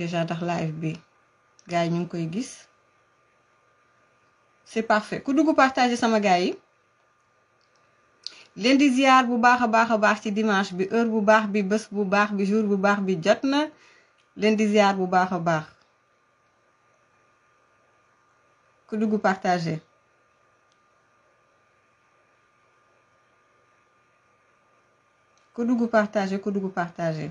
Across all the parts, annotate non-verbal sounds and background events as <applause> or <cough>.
déjà ndax live bi gars yi ñu ngi koy gis c'est parfait ku dugg partager sama gars yi leen ziar bu baax a baax ci dimanche bi heure bu baax bi bés bu baax bi jour bu baax bi jot na leen ziar bu baax a baax ku dugg partager ku dugg partager ku dugg partager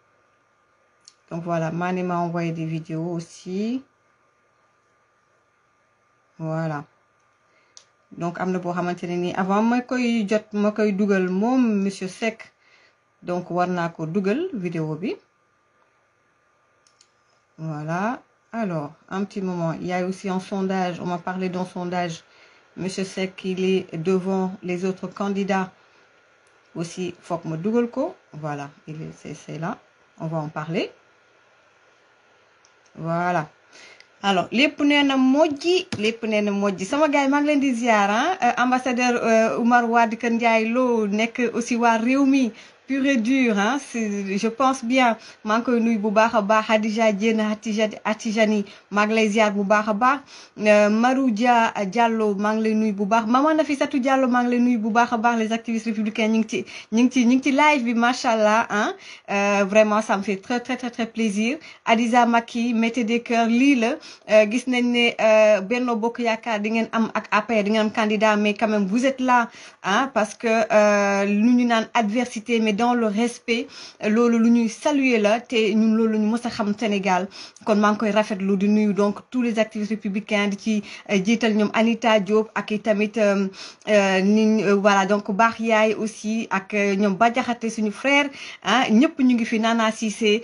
Donc voilà, Mané m'a envoyé des vidéos aussi. Voilà. donc amnebo na boo avant moi jot monsieur sec donc war dougal vidéo voilà alors un petit moment il y a aussi un sondage on m'a parlé d'un sondage monsieur Sec il est devant les autres candidats aussi que me double ko voilà il est c'est là on va en parler voilà alors lépp nee na mojji lépp nee na mojji sama gars yi maa ngi leen di ziar ah, euh, ambassadeur euh, Oumar Wade Kër Ndiaye loo nekk aussi waa réew mi et dur hein. c'est je pense bien Manque nous koy a déjà Hadija Dieng Hatija Hatijani maa euh, Maroudia Diallo Mangle Nui lay maman maman Nafisatou Diallo ça tout lay les activistes républicains Ningti, Ningti, ci live bi macha hein. euh, vraiment ça me fait très très très très plaisir Adiza Maki mettez des cœurs lille euh, gis nañ euh, Benno Bokk Dingen am ak candidat mais quand même vous êtes là hein parce que nous, ñu pas adversité mais dans le respect lolou lu ñuy saluer la té ñun lolou ñu mësa a xam Sénégal kon ma ngi koy rafetlu di nuyu donc tous les activistes républicains di ci euh, jiital ñom Anita Diop ak tamit euh, euh, ni voilà donc baax aussi ak ñom Bajaxate suñu frère ah ñëpp ñu ngi fi Nana Cissé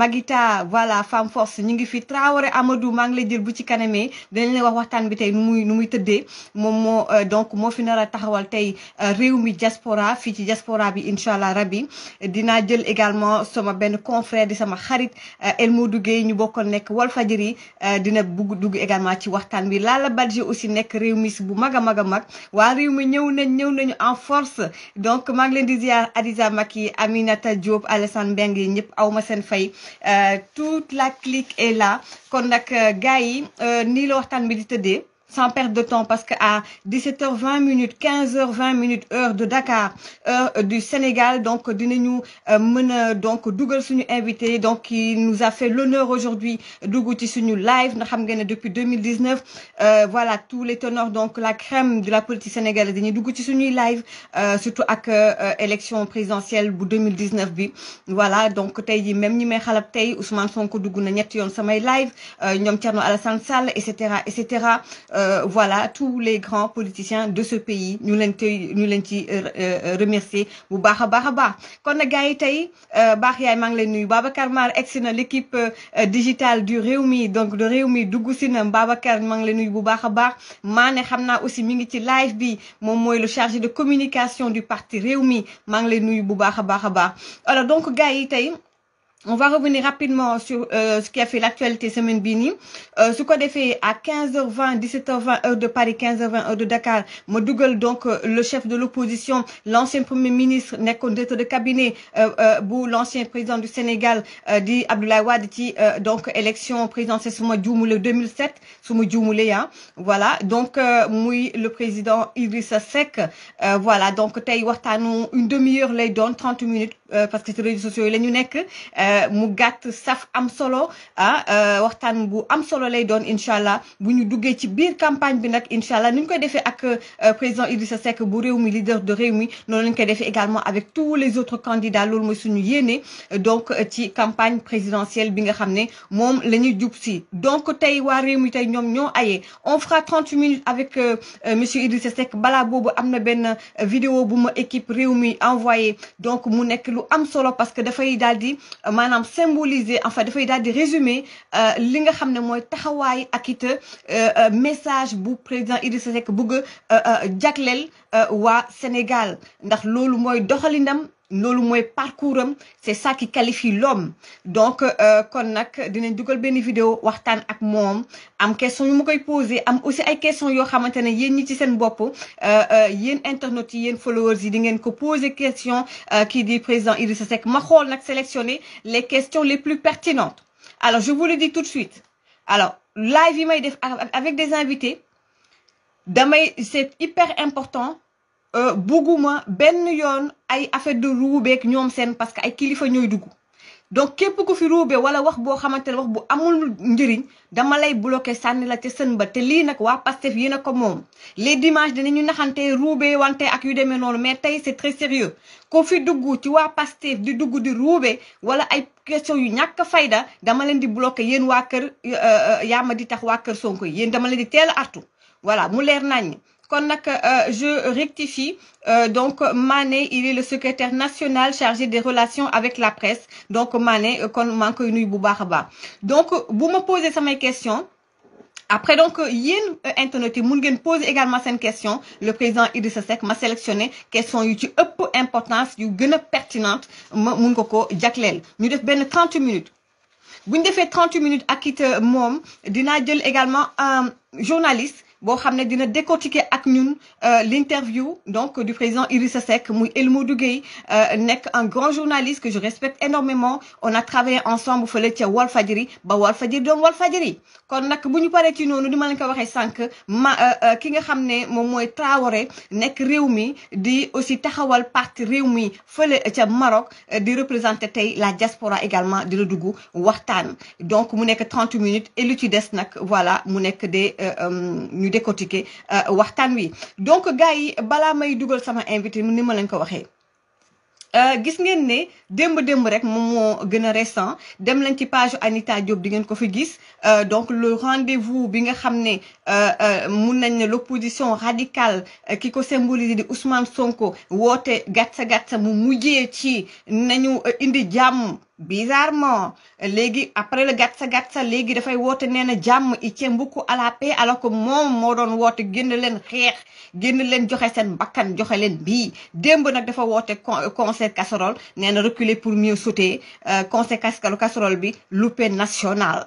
Magita voilà femme force ñu ngi fi Traoré Amadou ma ngi lay jël bu ci kanamee dinañ la wax waxtaan bi tay nu muy nu muy donc mo fi nar taxawal tay réew mi diaspora fi ci diaspora bi inshallah Rabi dina jël également sama ben confrère di sama xarit euh, El Modou Gueye ñu nek nekk euh, dina bugg également ci waxtan bi la Badji aussi nek réew bu maga maga en force donc maa ngi leen di ziar Adiza Maki Aminata Diop Alassane bengi ñep awma sen euh, toute la clique est là kon nak gaay yi la bi di sans perdre de temps parce qu'à 17h20 minutes 15h20 minutes heure de Dakar heure du Sénégal donc dinañu euh, nous donc Dougal suñu invité donc il nous a fait l'honneur aujourd'hui Dougou ci live nous xam depuis 2019 euh, voilà tous les teneurs, donc la crème de la politique sénégalaise dañuy Dougou ci live euh, surtout avec élection présidentielle de 2019 voilà donc côté même ñi may xalab tey Ousmane Sonko na live Alassane Sall euh, voilà tous les grands politiciens de ce pays nous leen nous ñu ci euh, euh, remercier bu baax a baax a baax kon na gars yi tey baax yaay mang leen nuyu Babacar Mar egsi l'équipe digitale du rewmi donc de rewmi mi Babacar mang leen nuyu bu baax a baax maa aussi mi ngi ci live bi mom moy le chargé de communication du parti rewmi mang leen nuyu bu baax a baax alors donc gay yi on va revenir rapidement sur euh, ce qui a fait l'actualité semaine bini. Euh, ce euh, qu'on fait fait à 15h20 17h20 heure de Paris 15h20 heure de Dakar ma donc euh, le chef de l'opposition l'ancien premier ministre qu'un directeur de cabinet pour l'ancien président du Sénégal dit Abdoulaye Wade ci donc élection présidentielle su ma 2007 su mois hein. voilà donc oui le président Idrissa Seck voilà donc tey une demi-heure les donne 30 minutes parce que c'est réseaux sociaux social les ñu euh, mu gatt saf am solo ah euh, waxtan bu am solo lay doon incha bu ci campagne bi nak incha nous ni ñu koy ak euh, président Idrissa Seck bu réew leader de réunis nous lañ fait koy également avec tous les autres candidats lool moy suñu yéné donc ci campagne présidentielle bi nga xamné mom dupsi donc tay wa réew tay ñom on fera 30 minutes avec monsieur Idrissa Seck balabou bobu ben vidéo bu ma équipe réew envoyé donc mu nek lu am solo parce que il fay dit maanaam symboliser en fait dafay daal di résumer euh, li nga xamné moy taxaway taxawaay ak euh, euh, message bu président Idriss Seck bëgg euh jaklel wa Sénégal ndax loolu mooy doxalindam loolu parcours c'est ça qui qualifie l'homme donc euh, kon nag dinañ une benn vidéo waxtaan ak mom, am question yu ma koy am aussi ay question yoo xamante ne yéen ñi ci y a des internautes yi followers yi di ngeen ko posé question qui euh, dit président Idrissa Seck ma xool sélectionné sélectionner les questions les plus pertinentes alors je vous le dis tout de suite alors live avec des invités c'est hyper important euh, bugguma ben yon ay affaire de ruubeeg ñoom seen parce que ay kilifa donc képp ku fi ruube wala wax bo xamante wax amul bloqué la tesen batelina ba te li nak wa les dimanches dinañu naxante ruube wante ak yu mais c'est très sérieux Kofi fi dugg ci wa Pastef di dugg di ruube wala ay question yu fayda di bloqué yen waker euh, euh, yamadita waker Sonko di artu voilà mu euh, je rectifie euh, donc Mané il est le secrétaire national chargé des relations avec la presse donc Mané euh, kon manque une koy donc vous après donc Yin internet internaute également cette question le président Idrissa Seck ma sélectionné question sont ci peu importance yu pertinente 30 minutes Nous devons 30 minutes à it mom. également un également journaliste bo xam dina décortiquer ak ñun euh, l'interview donc du président Iris Seck muy El Gueye euh, un grand journaliste que je respecte énormément on a travaillé ensemble fële ca Walfadjri ba Walfadjri doon Walfadjri kon nak buñu paré ci nonu di ma leen ko waxé sank ma euh, ki nga xamné mom moy mooy Traoré nekk réew di aussi taxawal parti réew fele ci Maroc di représenter tay la diaspora également di la duggu waxtaan donc mu nek 30 minutes et lu ci dess nak voilà mu nek des ñuy décortiquer euh, wi donc gars bala balaa may dugal sama invité ni ma leen ko euh gis ngeen ne dembe démb rek moom gëna récent dem lañ ci page Anita Diop di ngeen ko fi gis euh, donc le rendez-vous bi nga euh euh l'opposition radicale qui euh, ko symbolise di Ousmane Sonko woote gatsa Gatsa mu mujjé ci nañu indi jàmm bizarrement léegi après le gatsa gatsa léegi da fay wote na jamm i tient beaucoup à la paix alors que moom moo doon woote génn leen xeex génn leen joxe sen bakkan joxe leen bii démb nag dafa wote euh, concert casserole nee reculer pour mieux sauter euh, concert casserole bi loupé national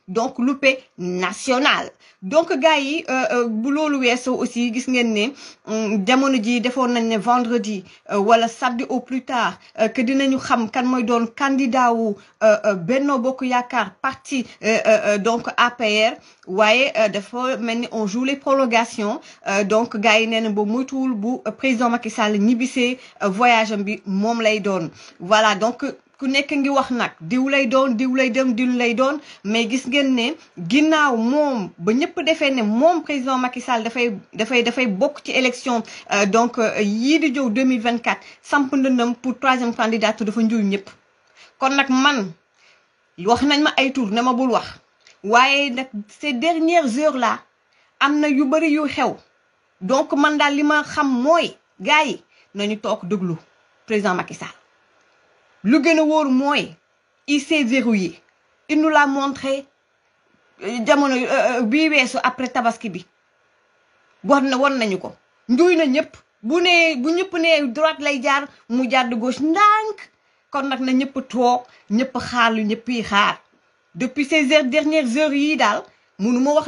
donc loupé national donc gars yi euh, euh, bu loolu weesoo aussi gis ngeen ne mm, jamono ji défon nañ ne vendredi euh, wala samedi au plus tard que dinañu xam kan moy doon candidat wu Benno Bokk Yaakaar parti donc APR waaye dafa mel ni on joue les prolongations donc gars yi nee na bu président Macky Sall ñibbisee voyage am bi mom lay doon voilà donc ku nek ngi wax nak diw lay doon diw lay dem diw lay doon mais gis ngeen ne ginnaw mom ba ñëpp défé né moom président Macky Sall fay da fay bok ci élection euh, donc euh, yi di jow 2024 samp ndëndam pour troisième candidature fa njuuy ñëpp kon nak man wax nañ ma ay tour ne ma bul wax waaye nak ces dernières heures là amna yu bari yu xew donc man daal li ma xam moy gaay nañu tok déglu président Macky Sall lu a il s'est verrouillé il nous l'a montré Diamono, euh, euh, euh, après tabaski bi nous ko na ñëpp bu droite lay jaar mu gauche kon na ñëpp ñëpp xaar depuis ces dernières heures ma wax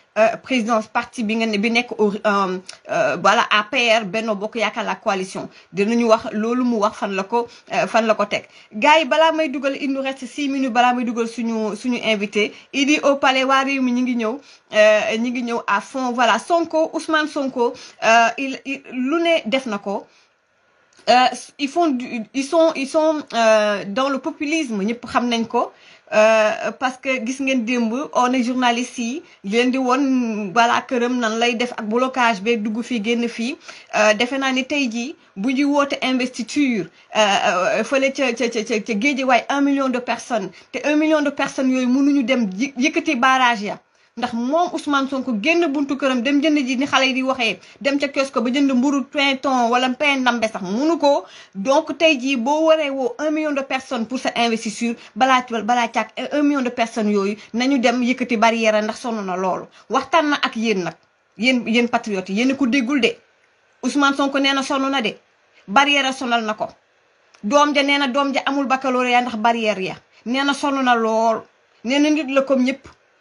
Euh, présidence parti bi nga ne bi nek euh, euh, voilà APR Benno Bokk la coalition nañu wax lolou mu wax fan lako fan lako tek gaay bala may il nous reste six minutes bala may duggal suñu suñu invité Idi au palais mi ngi à fond voilà Sonko Ousmane Sonko il lu ne def euh, ils font ils sont ils sont euh, dans le populisme euh, parce que gis ngeen demb on est journaliste yi leen di nan lay def ak blocage dugg un million de personnes un million de personnes mënu ñu dem barrage ndax mom Ousmane Sonko buntu këram dem jënd ji ni xalé di dem ca kiosque ba jënd mburu wala pain ndambe sax donc tay ji bo un million de personnes pour sa investiture un million de personnes yoyu nañu dem yëkëti barrière ndax sonu na lool waxtan na ak yeen nak yeen yeen patriotes yeen ko de Ousmane Sonko sonu na de barrière sonal nako dom ja dom ja amul baccalauréat ndax barrière ya sonu na lool nit la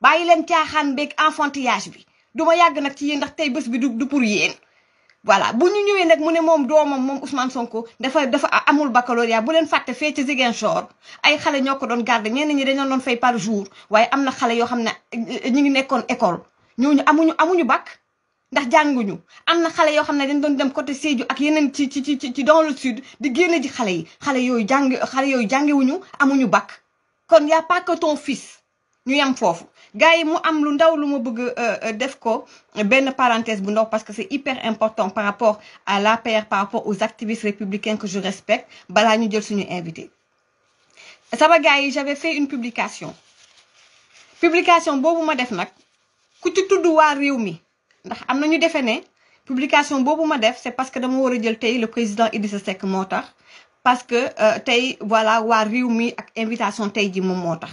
bàyyi leen caaxaan beeg enfantillage bi du ma yàgg nag ci yéen ndax tey bés bi du pour yéen. voilà bu ñu ñëwee nag mu ne moom doomam moom Ousmane Sonko dafa dafa amul baccalauréat bu leen fàtte fee ci Ziguinchor ay xale ñoo ko doon garder ñenn ñi dañoo doon fay par jour waaye am na yoo xam ne eh, eh, ñu ngi nekkoon école ñooñu amuñu amuñu bac ndax jànguñu am na xale yoo xam ne dañ doon dem côté Sédhiou ak yeneen ci ci ci ci dans le sud di génne ji xale yi xale yooyu jàng xale yooyu jàngewuñu amuñu bac kon y a ton fils ñu yem foofu gars moi, mu am lu ndaw lu ma bëgg euh, euh, def ko ben parenthèse bu ndaw parce que c'est hyper important par rapport à l'APR par rapport aux activistes républicains que je respecte bala ñu jël suñu invité Ça gars j'avais fait une publication publication bobu ma def nak ku ci tuddu wa réew mi ndax amna ñu défé né publication bobu ma def c'est parce que dama wara jël tay le président Idrissa Seck motax parce que euh, tay voilà wa réew mi ak invitation tay ji mom motax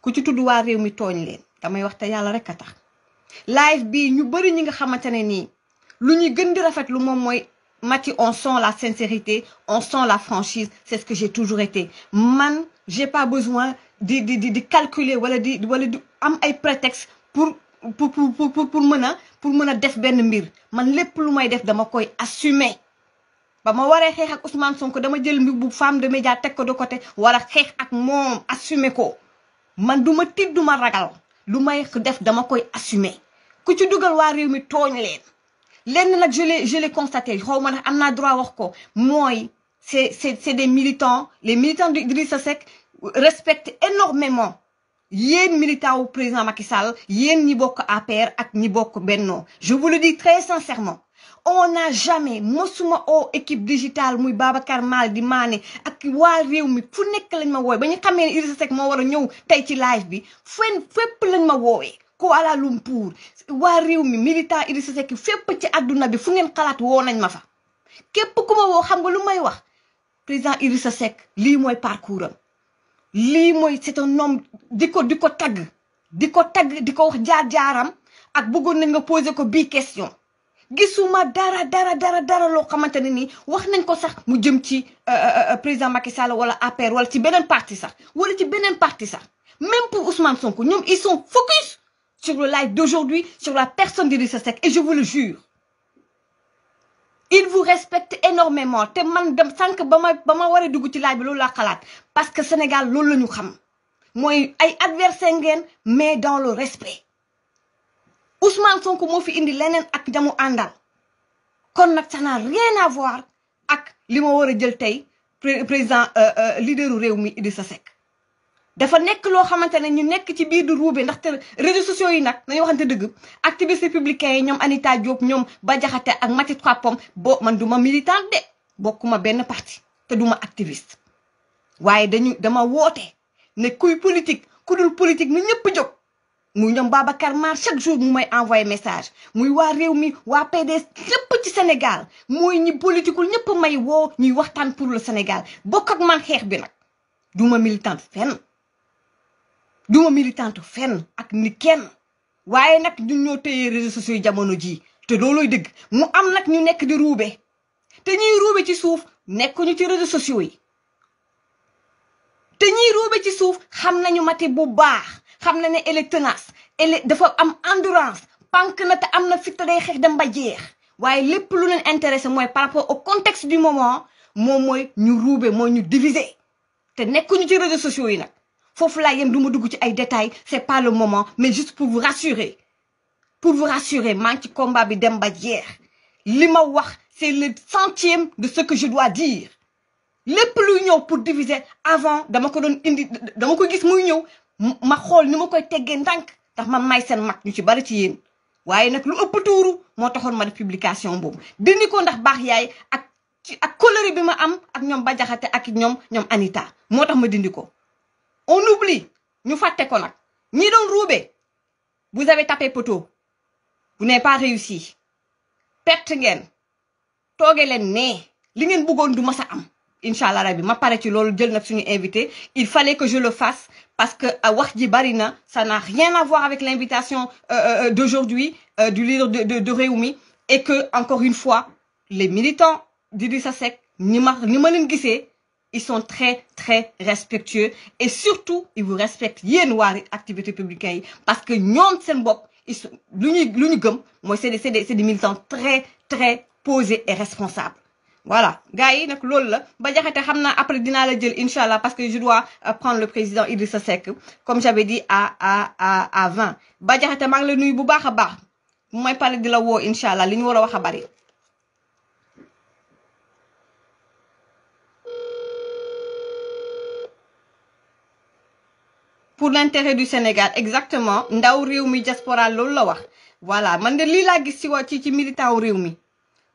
ku ci tuddu wa réew mi tooñ damay wax te yalla rek ka tax live bi ñu bari ñi nga xamante ni nii lu ñuy gën di rafetlu moom mooy Maty on sent la sincérité on sent la franchise c'est ce que j'ai toujours été man j'ai pas besoin di di di di calculer wala di wala di am ay prétexte pour pour pour pour pour pour a pour mën def ben mbir man lepp lu may def dama koy assumer ba ma waré xeex ak Ousmane Sonko dama jël mbir bu femme de média tek ko de côté wala xeex ak mom assumer ko man duma ma ma ragal lu may def dama koy assumer ku ci dugal wa rew mi togn len len nak je l'ai je l'ai constaté xaw ma nag am naa droit wax ko moy c'est c'est c'est des militants les militants Idrissa Seck respectent énormément yéen militants au président Macky Sall yéen ñi bokk APR ak ñi bokk Benno je vous le dis très sincèrement on n'a jamais mosuma o équipe digitale muy Babacar Mal di Mané ak waa réew mi fu nekk lañ ma woowee ba ñu xamee ne Idrissa Seck moo war a ñëw tey ci live bi fenn fépp lañ ma woowee Kuala Lumpur waa réew mi militant Idrissa Seck fépp ci àdduna bi fu ngeen xalaat woo nañ ma fa. képp ku woo xam nga lu may wax président Idrissa Seck lii mooy parcours lii mooy c'est un homme di ko di ko tagg di ko tagg di ko wax jaar-jaaram ak bëggoon nañ nga poser ko bii question. gisuma dara dara dara dara lo xamanteni ni wax nañ ko sax mu jëm ci euh, euh, euh, président Macky Sall wala APR wala ci benen parti sax wala ci benen parti sax même pour Ousmane Sonko ils sont focus sur le live d'aujourd'hui sur la personne d'Idrissa Seck et je vous le jure ils vous respectent énormément te man dem sank bama bama waré ma dugg ci live bi lolu la xalat parce que Sénégal lolu lañu xam moy ay adversaire ngène mais dans le respect Ousmane Sonko moo fi indi leneen ak jamu àndal kon nag ça n'a rien à voir ak li ma war a jël tey président euh, euh, leaderu réew mi Idrissa Seck dafa nekk loo xamante ne ñu nekk ci biir du ruube ndaxte réseaux sociaux yi nag nañu waxante dëgg activiste républicain yi ñoom Anita Diop ñoom ba Diakhaté ak Maty Trois Pommes boo man duma militante de bokkuma benn parti te duma activiste waaye dañu dama woote ne kuy politique ku dul politique nu ñëpp jóg muy ñoom Babacar Mar chaque jour mu may envoyé message muy waa réew mi waa PDS ñëpp ci Sénégal mooy ñi politikul ñëpp may woo ñuy waxtaan pour le Sénégal bokkat ak man xeex bi nag duma militante fenn duma militante fenn ak ni kenn waaye nag ñun ñoo téye réseaux sociaux yi jamono jii te loolooy dëgg mu am nag ñu nekk di ruube te ñuy ruube ci suuf nekkuñu ci réseaux sociaux yi te ñiy ruube ci suuf xam nañu mati bu baax xamna né ne elle est tenace elle dafa am endurance pas na notre am fit day xeex dem ba jeex les lépp lu leen par rapport au contexte du moment mom moy ñu roubé moy ñu diviser te nekkuñu ci réseaux sociaux yi nak fofu la yem duma dugg ci ay détails c'est pas le moment mais juste pour vous rassurer pour vous rassurer manque combat bi dem ba jeex wax c'est le centième de ce que je dois dire les plus pour diviser avant dama ko doon indi dama ko gis muy ma xool ni ma koy teggee ndànk ndax man may seen mag ñu ci bari ci yéen waaye nag lu ëpp tuuru moo taxoon ma def publication boobu dindi ndax baax yaay ak ci ak colère bi ma am ak ñoom ba jaxate ak ñoom ñoom Anita moo tax ma dindi ko on oublie ñu fàtte ko nag ñi doon ruube bu avez tapé poteau vous n'avez pas réussi perte ngeen tooge leen nee li ngeen bëggoon du mas a am inshallah ma il fallait que je le fasse parce que euh, wax ça n'a rien à voir avec l'invitation euh, euh, d'aujourd'hui du leader de de et que encore une fois les militants du Dissasek, ni ni ils sont très très respectueux et surtout ils vous respectent activité publique parce que c'est des militants très très posés et responsables voilà gars Donc nag loolu la ba après le la djel, inshallah, parce que je dois euh, prendre le président Idrissa Seck comme j'avais dit à à à à 20 ba jaxate maa ngi la nuyu bu baax a la bari pour l'intérêt du Sénégal exactement ndaw réew diaspora loolu la wax voilà man de lii laa ci militant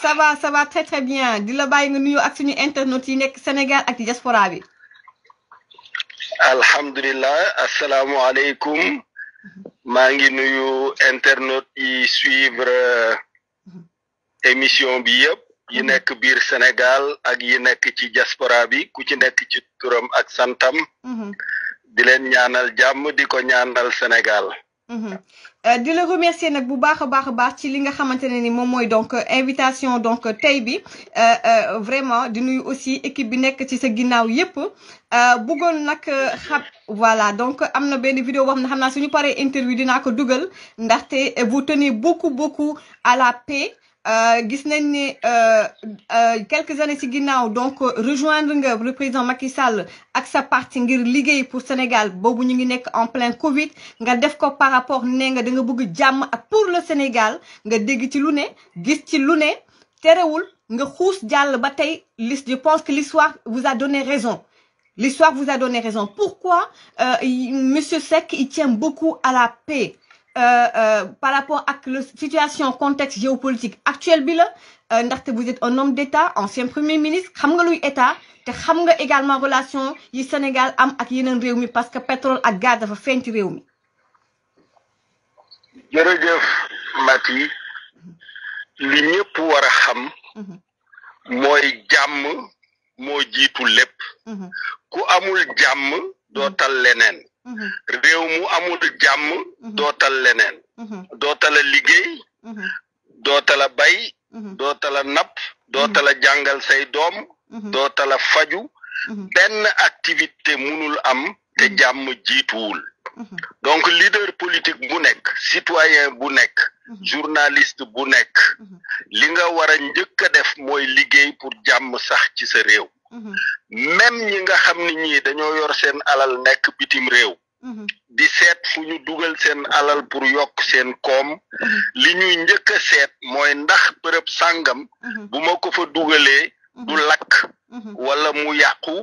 ça va ça va très très bien di la bàyyi nga nuyoo ak suñu internautes yi nekk Sénégal ak diaspora bi. alhamdulilah asalaamualeykum maa ngi nuyu internautes yi suivre mhm. émission bi yëpp yi mhm. nekk biir Sénégal ak yi nekk ci jaspora bi ku ci nekk ci turam ak santam. Mhm. di leen ñaanal jàmm di ko ñaanal Sénégal. Euh, di la remercier nag bu baax a baax ci li nga xamante ni donc euh, invitation donc euh, tay bi vraiment di nuyu aussi équipe bi nek ci sa ginnaw yépp bëggoon nak xap voilà donc amna na vidéo boo xamna ne suñu paré interview dinaa ko dugal ndaxte vous tenez beaucoup beaucoup à la paix euh, gis nañ euh, euh, quelques années ci ginnaw donc euh, rejoindre nga le président Macky Sall ak sa parti ngir liguey pour Sénégal bobu ñu en plein Covid nga def ko par rapport à nga da nga bëgg pour le Sénégal nga dégg ci lu né gis ci lu né nga ba je pense que l'histoire vous a donné raison l'histoire vous a donné raison pourquoi monsieur Seck il tient beaucoup à la paix euh, euh, par rapport à la situation, contexte géopolitique actuel, euh, vous êtes un homme d'État, ancien Premier ministre, vous savez l'État, vous savez également la relation du Sénégal avec les réunions parce que le pétrole et le gaz sont fin de réunion. jërëjëf Mati li ñëpp war a xam mhm. mooy jàmm moo jiitu lépp mhm. ku amul jàmm doo mhm. tal leneen Mm-hmm. réew mu amul jàmm mm-hmm. dootal leneen mm-hmm. dootal a liggéey dootal a bay dootal a napp dootal a jàngal say doom dootal a faju benn activité munul am te jàmm jiituwul donc leader politique bu nekk citoyen bu nekk journaliste bu nekk li nga war a njëkk a def mooy liggéey pour jàmm sax ci sa réew Mm-hmm. même ñi nga xam ni ñi dañoo yor seen alal nekk bitim réew. Mm-hmm. di seet fu ñu dugal seen alal pour yokk seen koom mm-hmm. li ñuy njëkk a seet mooy ndax bërëb sàngam bu ma ko fa dugalee du lakk wala mu yàqu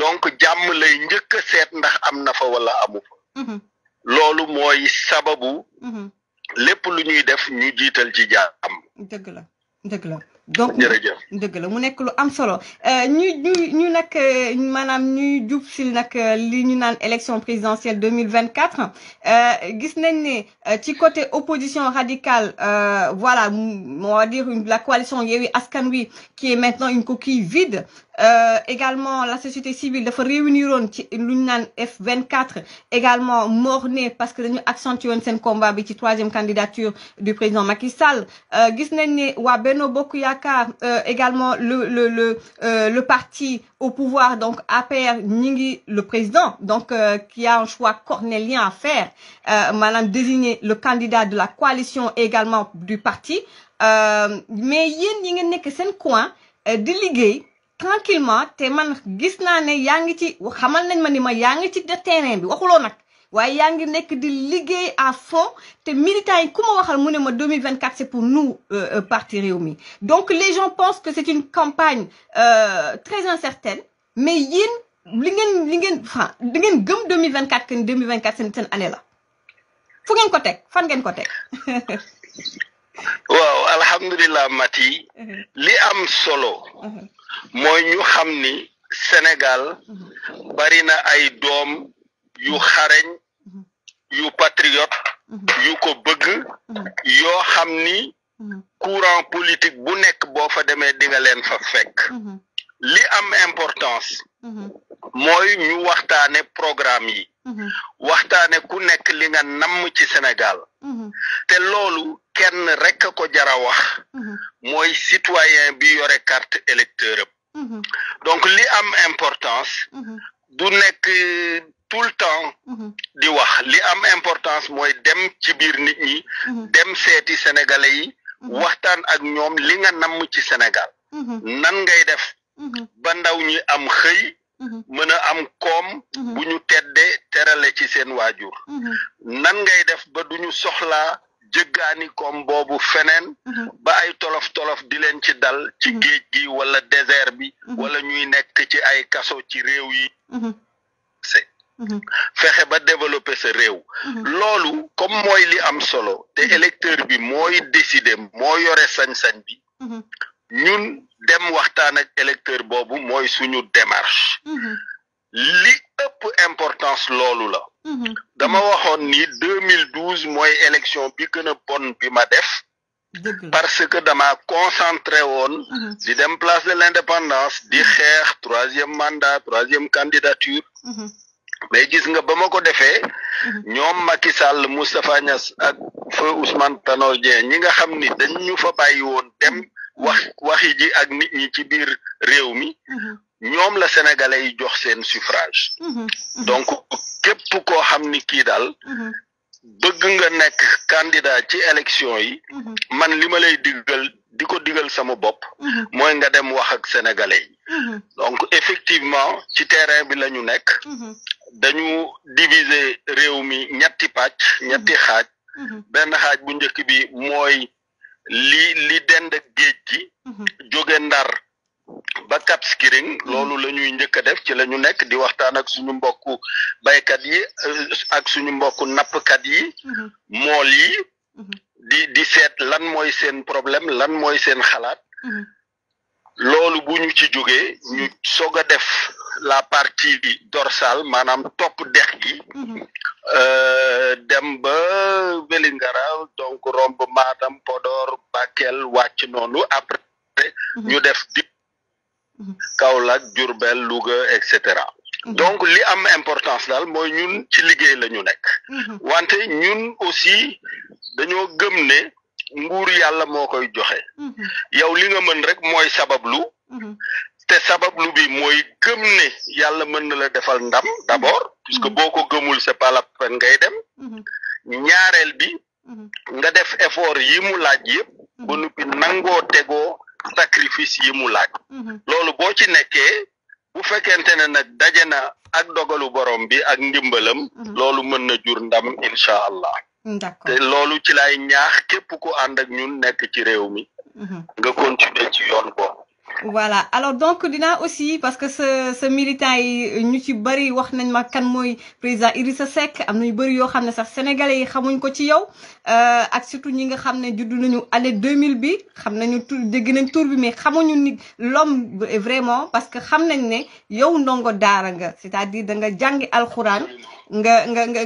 donc jàmm lay njëkk a seet ndax am na fa wala amu loolu mooy sababu lépp lu ñuy def ñu jiital ci jàmm dëgg la dëgg la donc deug la mu nek lu am solo euh ñu ñu nak euh, manam ñuy djub sil nak euh, li ñu nane élection présidentielle 2024 euh, gis nañ né ci côté opposition radicale voilà on va dire la coalition yewi Askan Wi qui est maintenant une coquille vide euh, également la société civile de réunir ci F24 également morné parce que nous accentuons sen combat bi ci troisième candidature du président Macky Sall euh, gis nañ euh, également le le le le parti au pouvoir donc APR ñingi le président donc qui a un choix cornélien à faire Madame désigner le candidat de la coalition également du parti mais il ñi a nek sen coin délégué tranquillement té man gis na né yaangi ci xamal nañ ma ni ma yaangi ci de terrain bi waxuloo nag waaye yaa ngi nekk di liggéey à fond té militant yi ku waxal mu ne ma 2024 c'est pour nous euh, euh parti réumi donc les gens pensent que c'est une campagne euh, très incertaine mais yéen li ngeen li ngeen enfin di ngeen gëm 2024 que 2024 c'est une année là fu ngeen ko teg fan ngeen ko teg <laughs> waaw alhamdulilah Mati <laughs> uh-huh. li am solo uh-huh. mooy ñu xam ni Sénégal bari na ay doom yu xareñ yu patriote yu ko bëgg yoo xam ni mm-hmm. courant politique bu nekk boo fa demee di leen fa fekk mm-hmm. li am importance mm-hmm. mooy ñu waxtaane programme yi mm-hmm. waxtaane ku nekk li nga namm ci Sénégal mm-hmm. te loolu kenn rekk ko jara wax mooy citoyen bi yore carte électeur am donc li am importance du nekk euh, tout le temps di wax li am importance mooy dem ci biir nit ñi dem seeti sénégalais yi waxtaan ak ñoom li nga namm ci Sénégal nan ngay def Mm-hmm. ba ndaw ñi am xëy mm-hmm. mën a am koom mm-hmm. bu ñu teddee terale ci seen waajur nan ngay def ba duñu soxla jëggaani koom boobu feneen ba ay tolof tolof di leen ci dal ci géej gi wala désert bi wala ñuy nekk ci ay kaso ci réew yi fexe ba développer sa réew loolu comme mooy li am solo te électeur bi mooy décider moo yore sañ-sañ bi ñun dem waxtaan ak électeur boobu mooy suñu démarche mhm. li ëpp importance loolu la mhm. dama waxoon ni 2012 mooy élection bi gën a bon bi ma def parce que dama concentré woon mhm. di dem place de l' indépendance di xeex troisième mandat troisième candidature mais gis nga ba ma ko defee ñoom Macky Sall Moustapha Niass ak feu Ousmane Tanor Dieng ñi nga xam ni dañ ñu fa bàyyi woon dem wax waxi ji ak nit ñi ci biir réew mi mm-hmm. ñoom la sénégalais yi jox seen suffrage mm-hmm. Mm-hmm. donc képp koo xam ni kii daal bëgg nga nekk candidat ci élection yi man li ma lay diggal di ko diggal sama bopp mooy nga dem wax ak sénégalais yi donc effectivement ci terrain bi la ñu nekk dañu diviser réew mi ñetti pàcc ñetti xaaj benn xaaj bu njëkk bi mooy li li dend géej gi mhm. jóge ndar ba Cap mhm. loolu lañuy ñuy njëkk a def ci lañu nekk di waxtaan ak suñu mbokku baykat yi euh, ak suñu mbokku nappkat yi mhm. mool yi di di seet lan mooy seen problème lan mooy seen xalaat loolu bu ñu ci jógee ñu soog a def la partie dorsale maanaam topp dex gi mhm. euh, dem ba Vélingara donc romb Matam Podor Bakel wàcc noonu après mhm. ñu def di mhm. Kaolack Diourbel Louga et cetera donc li am importance daal mooy ñun ci liggéey la ñu nekk wante ñun aussi dañoo gëm ne nguur yàlla moo koy joxe yow li nga mën rek mooy sabablu te sabab lu bi mooy gëm ne yàlla mën na la defal ndam d'abord mhm. puisque mhm. boo ko gëmul c'est pas ngay dem mhm. ñaareel bi nga def effort yi mu laaj yëpp ba nuppi nangoo tegoo sacrifice yi mu laaj loolu boo ci nekkee bu fekkente ne nag daje na ak dogalu borom bi ak ndimbalam loolu mën na jur ndam incha allah te loolu ci lay ñaax képp ku ànd ak ñun nekk ci réew mi nga continuer ci yoon boobu voilà alors donc dina aussi parce que ce ce militant yi ñu ci bari wax nañ ma kan moy président Irissa Seck am na ñu bëri yoo sax sénégalais yi xamuñ ko ci yow euh, ak surtout ñi nga xam juddu nañu année 2000 bi xamnañu nañu tur nañ tour bi mais xamuñu ni l'homme vraiment parce que xamnañ nañ ne yow ndongo daara nga c'est-à-dire da nga jàngi alcorane nga nga nga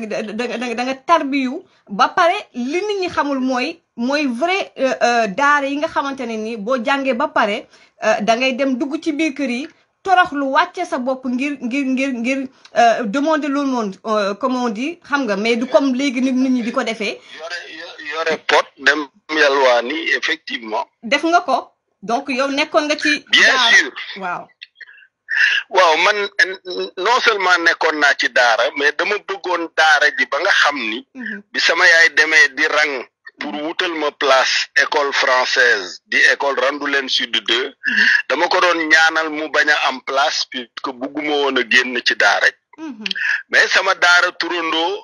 da nga tarbiyu ba pare li nit ñi xamul mooy mooy vrai euh, euh, daara yi nga xamante ne ni boo jàngee ba pare euh, dangay dem dugg ci biir kër yi torox lu wàcce sa bopp ngir ngir ngir ngir demander lu monde comme on dit xam nga mais du comme léegi nit nit ñi di ko defee. yore pot dem yalwaani effectivement. def nga ko donc yow nekkoon nga ci. bien sûr waaw. waaw man non seulement nekkoon naa ci daara mais dama bëggoon daara ji ba nga xam ni mhm. bi sama yaay demee di rang pour wutal ma place école française di école Randoulène Sud 2 mhm. dama ko doon ñaanal mu bañ a am place ko bugguma woon a génn ci daara mhm. mais sama daara turandoo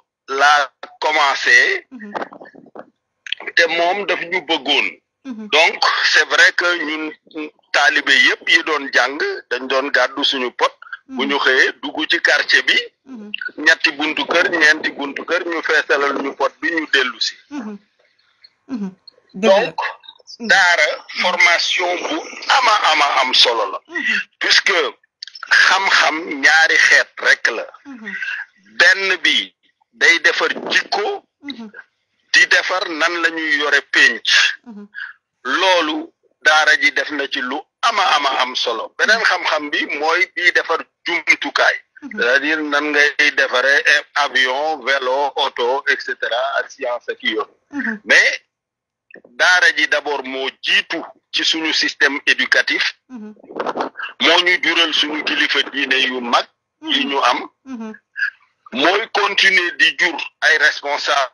laa commencé te moom daf ñu bëggoon Mhm. donc c'est vrai que ñun taalibe yépp yi doon jàng dañ doon gàddu suñu pot bu mhm. ñu xëyee dugg ci quartier bi mhm. ñetti buntu kër ñeenti buntu kër ñu feesalal ñu pot bi ñu dellu si donc daara formation bu ama ama am solo la puisque xam-xam ñaari xeet rekk la benn bi day defar jikko di defar nan lañuy yore pénc loolu daara ji def na ci lu ama ama am solo beneen xam-xam bi mooy bii defar jumtukaay mhm. c'est-à-dire nan ngay defaree avion vélo auto et cetera ak science ak yoon mhm. mais daara ji d'abord moo jiitu ci suñu système éducatif mhm. moo ñu jural suñu kilifa diine yu mag yi ñu am mooy continuer di jur ay responsable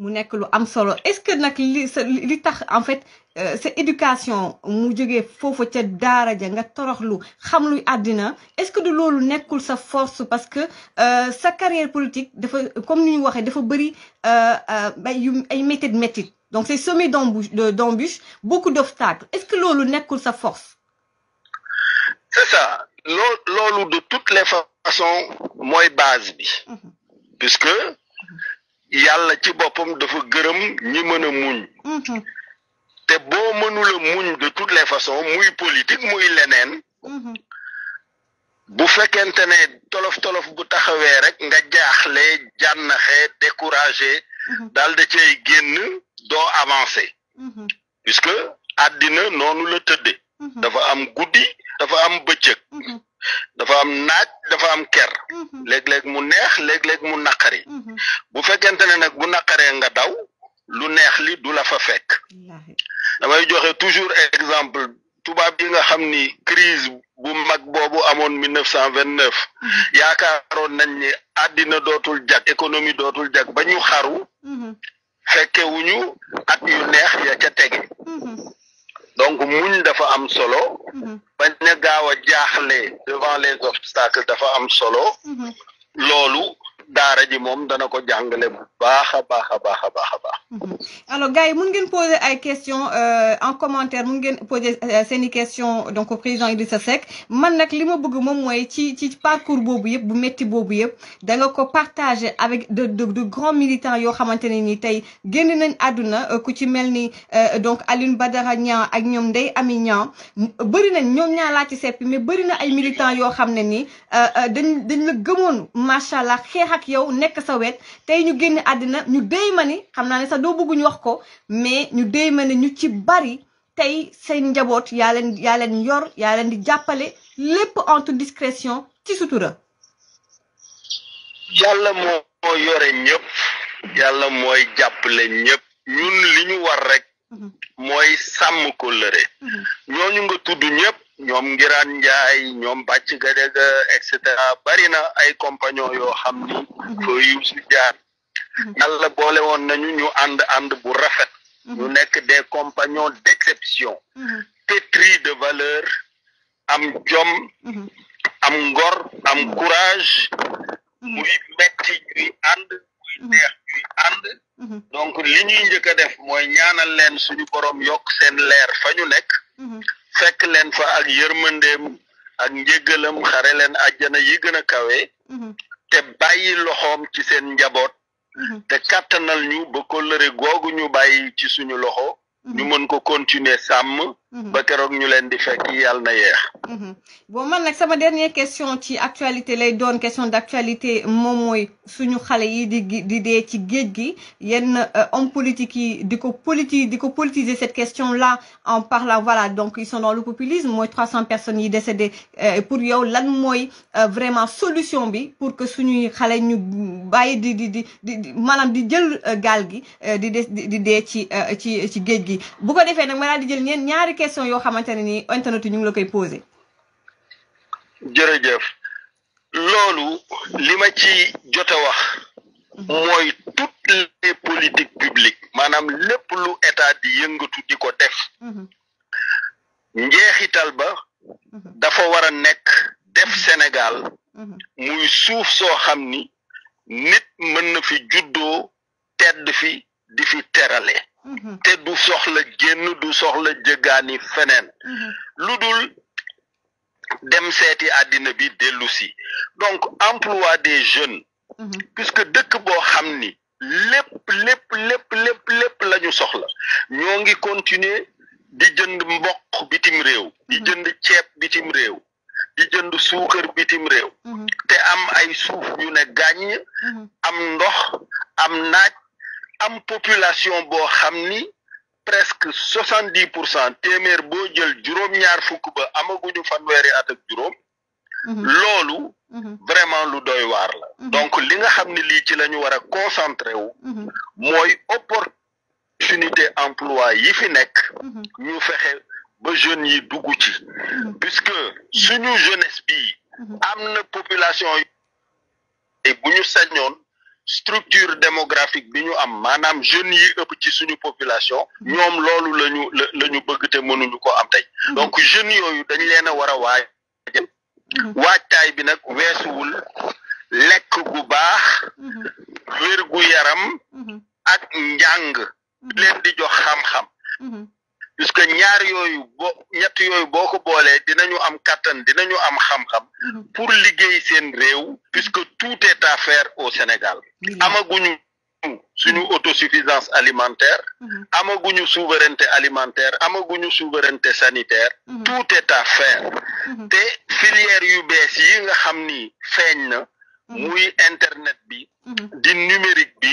mu nekk lu am solo est-ce que nag li sa li tax en fait euh, sa éducation mu jógee foofu ca daara ja nga toroxlu xam luy àddina est-ce que du loolu nekkul sa force parce que euh, sa carrière politique dafa comme ni ñu waxee dafa bëri euh, ay yu ay métit métit donc c'est semé d'embûches d'embûches beaucoup d'obstacles est-ce que loolu nekkul sa force. c'est ça loolu de toutes les façons mooy base bi. Mm-hmm. puisque yalla ci boppam dafa gëreum ñi mëna a muñ mhm. té bo mënul muñ de toutes les façons muy politique muy leneen mhm. bu fekkente ne tolof tolof bu taxawé rek nga jaxlé jannaxé découragé mhm. dal da cay génn doo avancé puisque adina nonu la teudé dafa am goudi dafa am bëccëg dafa am naaj dafa am ker mhm. léeg-léeg mu neex léeg-léeg mu naqari mhm. bu fekkente ne nag bu naqaree nga daw lu neex li du la fa fekk damay joxe toujours exemple tubaab yi nga xam ni crise bu mag boobu amoon mille neuf cent vingt neuf mhm. yaakaaroon nañ ni àddina dootul jag économie dootul jag ba ñu xaru fekke ñu at yu neex ya ca tege donc muñ dafa am solo mhm. bañ na gaaw a jaaxle devant les obstacles dafa am solo mhm. loolu daara ji moom dana ko jàngale bu baax a baax a baax a baax a baax. Mhm. alors gars yi mun ngeen poser ay questions euh, en commentaire mun ngeen poser euh, seen i questions donc président Idrissa Seck man nag li ma bëgg moom mooy ci ci parcours boobu yëpp bu métti boobu yëpp da nga ko partager avec de de de grands militants yoo xamante ne ni tey génn nañ àdduna euh, ku ci mel ni donc Aline Badara Niang ak ñoom Ndeye Amy Niang bëri nañ ñoom ñaa laa ci seppi mais bëri na ay militants yoo xam ne ni dañ dañ la gëmoon macha allah xeex ak yow nekk sa wet tey ñu génn àddina ñu déy ma ni xam naa ne sax doo bëgg wax ko mais ñu déy ma ni ñu ci bari tey seen njaboot yaa leen yor yaa leen di jàppale lépp en toute discrétion ci sutura. yàlla moo yore ñëpp. yàlla mooy jàppale ñëpp. ñun li ñu war rek. Mhm. mooy sàmm ko lëre. Mhm. ñooñu nga tudd ñëpp. ñoom Ngiraan Njaay ñoom Bàcc Gadaga et cetera bari na ay compagnon yoo xam ni fa yu si jaar boole woon nañu ñu ànd ànd bu rafet ñu nekk des compagnons d'exception pétri de valeur am jom am ngor am courage muy metti ñuy ànd muy neex ñuy ànd donc li ñuy njëkk a def mooy ñaanal leen suñu borom yokk seen leer fa ñu nekk fekk leen fa ak yërmandeem ak njéggalam xare leen yi gën a kawe mhm. te bàyyi loxoom ci seen njaboot mhm. te kattanal ñu ba ko lëre googu ñu bàyyi ci suñu loxo mhm. ñu mën ko continuer sàmm Mm-hmm. ba keroog ñu leen di fekk yal na yeex. Mm-hmm. bon man nak sama dernière question ci actualité lay doon question d'actualité actualité moom mooy suñu xale yi di di dee ci géej gi yenn euh, homme politique yi di ko politi di ko politiser cette question là en parlant voilà donc ils sont dans le populisme mooy 300 personnes yi décédées euh, pour yow lan mooy euh, vraiment solution bi pour que suñuy xale ñu bàyyi di di di di maanaam di jël gaal gi di di dee ci ci ci géej gi bu ko defee nag ma daal di jël ñeen ñaari. question yoo xamante ni nii internet ñu ngi la koy posé. jërëjëf loolu li ma ci jot a wax. mooy toutes les politiques publiques maanaam lépp lu état di yëngatu di ko def. Mhm. njeexital ba mhm. dafa war a nekk def senegal mhm. muy suuf soo xam ni nit mën na fi juddoo tedd fi di fi terale Mm-hmm. te du soxla génn du soxla jëgaani feneen mm-hmm. lu dul dem seeti àddina bi dellusi donc emploi des jeunes mm-hmm. puisque dëkk boo xam ni lépp lépp lépp lépp lañu la soxla ñoo ngi continuer di jënd mboq bitim réew di jënd ceeb bitim réew di jënd suukar bitim réew te am ay suuf yu ne gàññ am ndox am naaj am population bo xamni presque 70% témèr bo jël djuroom ñaar fukk ba amaguñu fanweeri at ak djuroom mhm. lolu mhm. vraiment lu doy war la mhm. donc li nga xamni li ci lañu wara concentré wu moy opportunité emploi yi fi nekk ñu fexé ba jeunes yi dugg ci puisque suñu jeunesse bi amna population yi buñu ñu Struktur demografik bin yo amman am jenye e piti sou nou popilasyon, nyom lolo le nou begite mounou nou kwa amtay. Mm-hmm. Donkou jenye yo yon denye lene waraway, wak mm-hmm. tay binak wese woul, lek kougouba, virgouyaram, mm-hmm. at nyang, plen di jo ham ham. puisque ñaar yooyu boo ñett yooyu boo ko boolee dinañu am kattan dinañu am xam-xam pour liggéey seen réew puisque tout est à faire au Sénégal amaguñu suñu autosuffisance alimentaire mhm. amaguñu souveraineté alimentaire amaguñu souveraineté sanitaire mhm. tout est à faire mhm. te filière yu bees yi nga xam ni feeñ na muy internet bi di numérique bi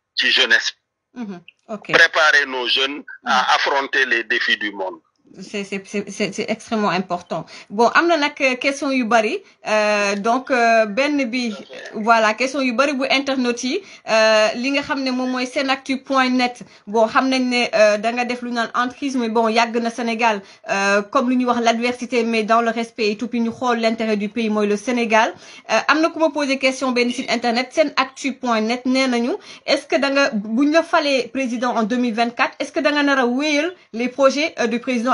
jeunesse. Mhm. Préparer nos jeunes à mhm. affronter les défis du monde c'est c'est c'est c'est extrêmement important bon amna na euh, question yu euh donc Ben bi voilà question yu bari bu internet yi euh, li nga xamné mom moy senactu.net senactu point net bon xam nañ da nga def lu ñaan entreprise mais bon yag na Sénégal comme lu ñu wax l'adversité mais dans le respect et tout puis ñu xol l'intérêt du pays moy le Sénégal Amna na poser question Ben site internet senactu point net nañu est-ce que da nga buñ la falé président en 2024 est-ce que da nga nar les projets du président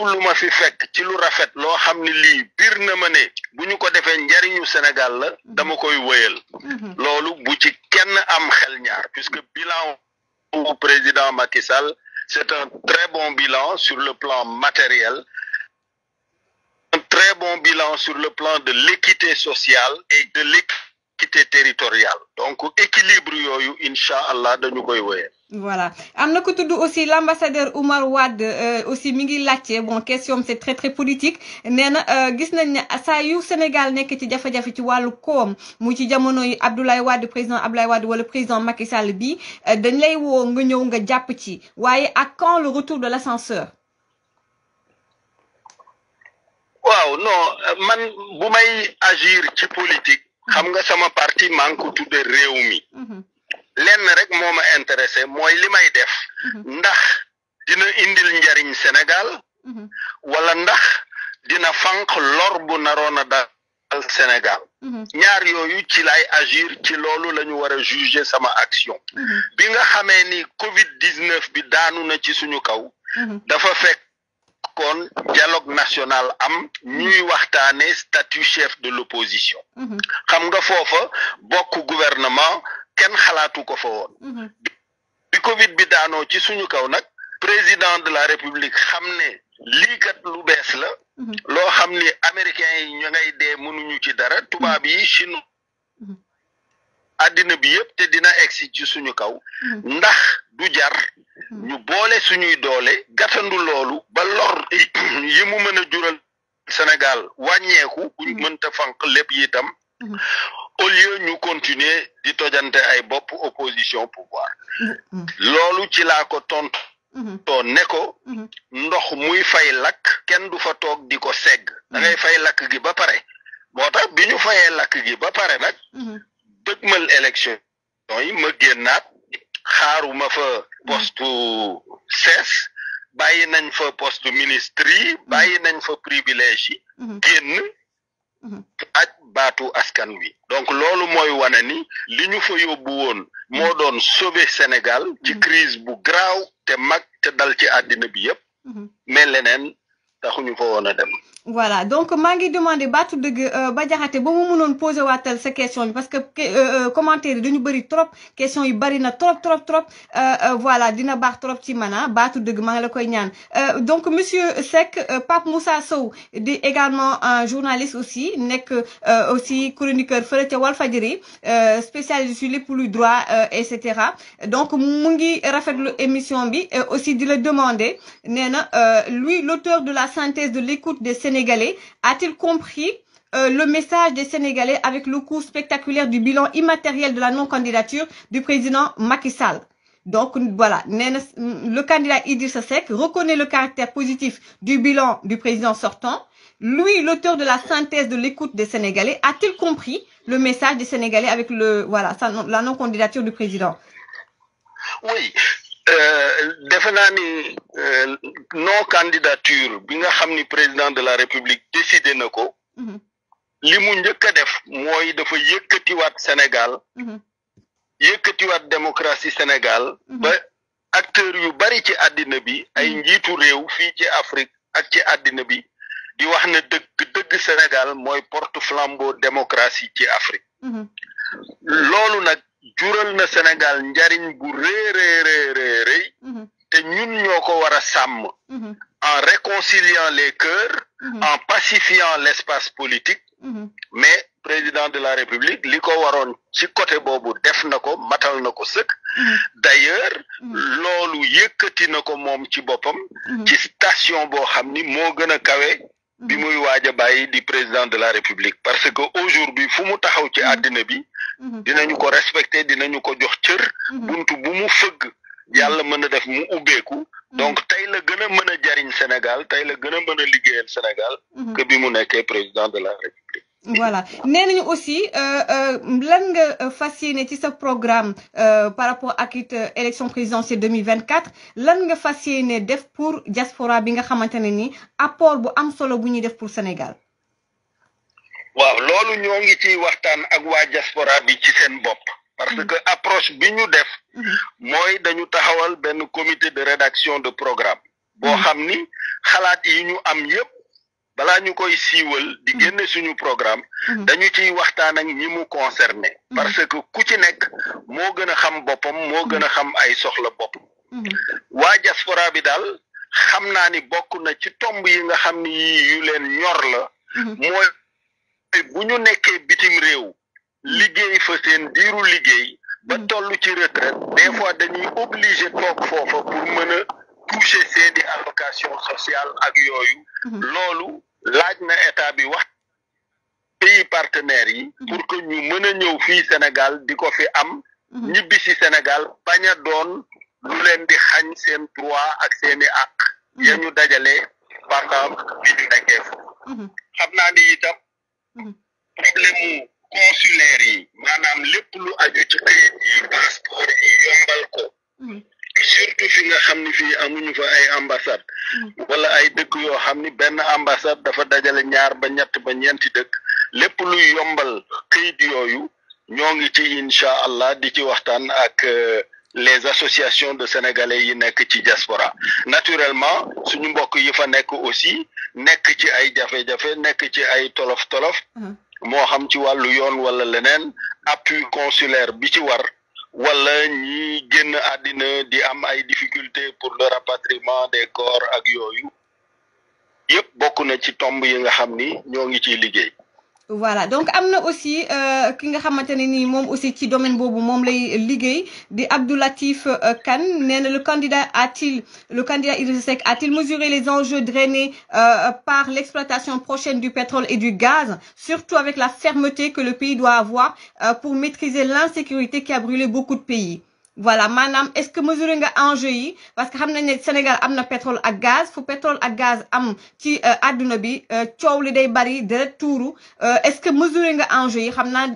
lu ma fi fekk ci lu rafet loo xam ne lii biir na ma ne bu ñu ko defee njariñu Sénégal la dama koy wëyal mhm. loolu bu ci kenn am xel ñaar puisque bilan au président Macky Sall c'est un très bon bilan sur le plan matériel un très bon bilan sur le plan de l'équité sociale et de l'équité territoriale donc équilibre yooyu incha allah dañu koy wëyal voilà Amna aussi l'ambassadeur Omar Ouad, Wade euh, aussi mi ngi bon question c'est très très politique nee euh, gis nañ est yu Sénégal n'est ci tu jafe ci tu koom mu ci jamono yi Abdoulaye Wade président Abdoulaye Wade le président Macky Sall bi euh, dañ lay wo nga ñëw nga jàpp ci à quand le retour de l'ascenseur ascenseur. waaw non man bu may agir ci politique. xam nga sama parti maa ngi ko tuddee réew mi. Mm-hmm. lenn rek moo ma intéressé mooy li may def mhm. ndax dina indil njariñ Sénégal mhm. wala ndax dina fànq lor bu naroon a daal Sénégal mhm. ñaar yooyu ci lay agir ci loolu lañu ñu war a juger sama action bi nga xamee ni Covid 19 bi daanu na ci suñu kaw dafa fekk kon dialogue national am ñuy waxtaane statut chef de l'opposition xam nga foofa bokk gouvernement kenn xalaatu ko fa woon mhm. bi covid bi daanoo ci suñu kaw nag président de la république xam ne liikat lu bees la mhm. loo xam ni américains yi ña ngay dee mënuñu ci dara mhm. tubaab yi chinois àddina bi yëpp te dina egsi ci suñu kaw ndax du jar ñu boole suñuy doole gàttandu loolu ba lor <clears throat> yi mu mën a jural Sénégal wàññeeku buñ mënta fanq lépp itam au lieu ñu continuer di tojante ay bop opposition pouvoir mm-hmm. lolu ci la ko tontu mm-hmm. to neko mm-hmm. ndox muy fay lak kenn du fa tok diko seg da ngay fay lak gi ba paré motax biñu fayé lak gi ba paré nak dëgmal élection yi ma génnaat xaaruma fa poste sees bàyyi nañ fa poste ministre yi nañ fa privilège yi génn di mm-hmm. aj baatu askan wi donc loolu mooy wane ni li ñu fa yóbbu woon moo mm-hmm. doon sauver Sénégal ci mm-hmm. crise bu graw te mag te dal ci àddina bi yépp mais voilà donc Mangi ngi demandé de dëgg euh, ba jaxate ba mu mënoon poser waatal sa question parce que euh, euh, commentaire de bari trop question yu bari na trop trop trop voilà dina baax trop ci mana ah, baatu deug ma ngi koy ñaan donc monsieur sec Pape Moussa Sow di également un journaliste aussi nek aussi chroniqueur fële ca Walfadjri spécialisé sur les droit et donc mu ngi rafetlu émission bi aussi di la demander néna lui l'auteur de la synthèse de l'écoute des Sénégalais A-t-il compris euh, le message des Sénégalais avec le coup spectaculaire du bilan immatériel de la non-candidature du président Macky Sall donc voilà, le candidat Idrissa Seck reconnaît le caractère positif du bilan du président sortant. Lui, l'auteur de la synthèse de l'écoute des Sénégalais, a-t-il compris le message des Sénégalais avec le voilà la non-candidature du président Oui, Euh, defe naa ni euh, non candidature bi nga xam ni président de la république décidé na ko mhm. li mu njëkk a def mooy dafa yëkkatiwaat Sénégal mhm. yëkkatiwaat démocratie Sénégal mhm. ba acteur yu bari ci àddina bi ay njiitu réew fii ci Afrique ak ci addina bi di wax ne dëgg dëgg Sénégal mooy porte flambeau démocratie ci Afrique loolu nag jural na Sénégal njariñ bu réeréeréeréy rëy mhm. te ñun ñoo ko war a sàmm mhm. en réconciliant les cœurs mhm. en pacifiant l'espace politique mais président de la République li ko waroon ci côté boobu def na ko matal na ko sëkk d'ailleurs loolu yëkkati na ko moom ci boppam ci station boo xam ni moo gën a kawe bi mhm. muy waaj a bàyyi di président de la république parce que aujourd'hui fu mu taxaw ci mhm. àddina bi mhm. dinañu ko respecter dinañu ko jox cër buntu bu mu fëgg yàlla mën a def mu ubbeeku donc tey la gën a mën a jariñ Sénégal tey la gën a mën a liggéeyal Sénégal que bi mu nekkee président de la république voilà nee aussi euh, euh, lan nga ce euh, ci sa programme par rapport à cette élection présidentielle 2024 lan nga fas def pour diaspora bi nga xamante ni apport bu am solo bu ñuy def pour Sénégal. waaw lolu ñoo ngi ci waxtaan ak wa diaspora bi ci sen bop parce mm-hmm. que approche bi ñu def. moy mm-hmm. dañu taxawal ben comité de rédaction de programme. Bo mm-hmm. xamni xalaat yi ñu am yépp. balaa ñu koy siiwal di mm-hmm. génne suñu programme mm-hmm. dañu ciy waxtaan ak ñi mu concerné mm-hmm. parce que ku ci nekk moo gën a xam boppam moo gën xam ay soxla boppam waa diaspora bi daal xam naa ni bokk na ci tomb yi nga xam ni yu leen ñor la mooy bu ñu nekkee bitim réew liggéey fa seen diiru liggéey ba toll ci retraite des fois dañuy obligé toog foofa pour mën a toucher seeni allocation sociale ak yooyu loolu laaj na état bi wax pays partenaires yi mhm. pour que ñu mën a ñëw fii Sénégal di ko fi am mhm. ñibbi si Sénégal bañ doon lu leen di xañ seen droit ak seeni àq mhm. ya ñu dajale pendant bi ñu nekkee xam naa ni itam problème consulaire yi maanaam lépp lu aju ci kayit yi passeport yi yombal ko surtout fi nga xam ni fii amuñu fa ay ambassade wala ay dëkk yoo xam ni benn ambassade dafa dajale ñaar ba ñett ba ñeenti dëkk lépp luy yombal këyit yooyu ñoo ngi ci incha allah di ci waxtaan ak euh, les associations de sénégalais yi nekk ci diaspora naturellement suñu mbokk yi fa nekk aussi nekk ci ay jafe-jafe nekk ci ay tolof-tolof moo xam ci wàllu yoon wala leneen appui consulaire bi ci war wala ñiy génn àddina di am ay difficultés pour le rapatriement des corps ak yooyu yëpp bokk na ci tomb yi nga xam ni ñoo ngi ciy liggéey voilà donc Amna aussi euh, ki nga aussi ci domaine bobu mom lay di Abdoulatif euh, le candidat a-t-il le candidat a-t-il mesuré les enjeux drainés euh, par l'exploitation prochaine du pétrole et du gaz surtout avec la fermeté que le pays doit avoir pour maîtriser l'insécurité qui a brûlé beaucoup de pays voilà madame, est-ce que mesurer nga enjeu parce que xam nañ Sénégal am pétrole ak gaz fu pétrole ak gaz am ci euh, aduna bi euh, ciow li day bari de retour euh, est-ce que mesurer nga enjeu yi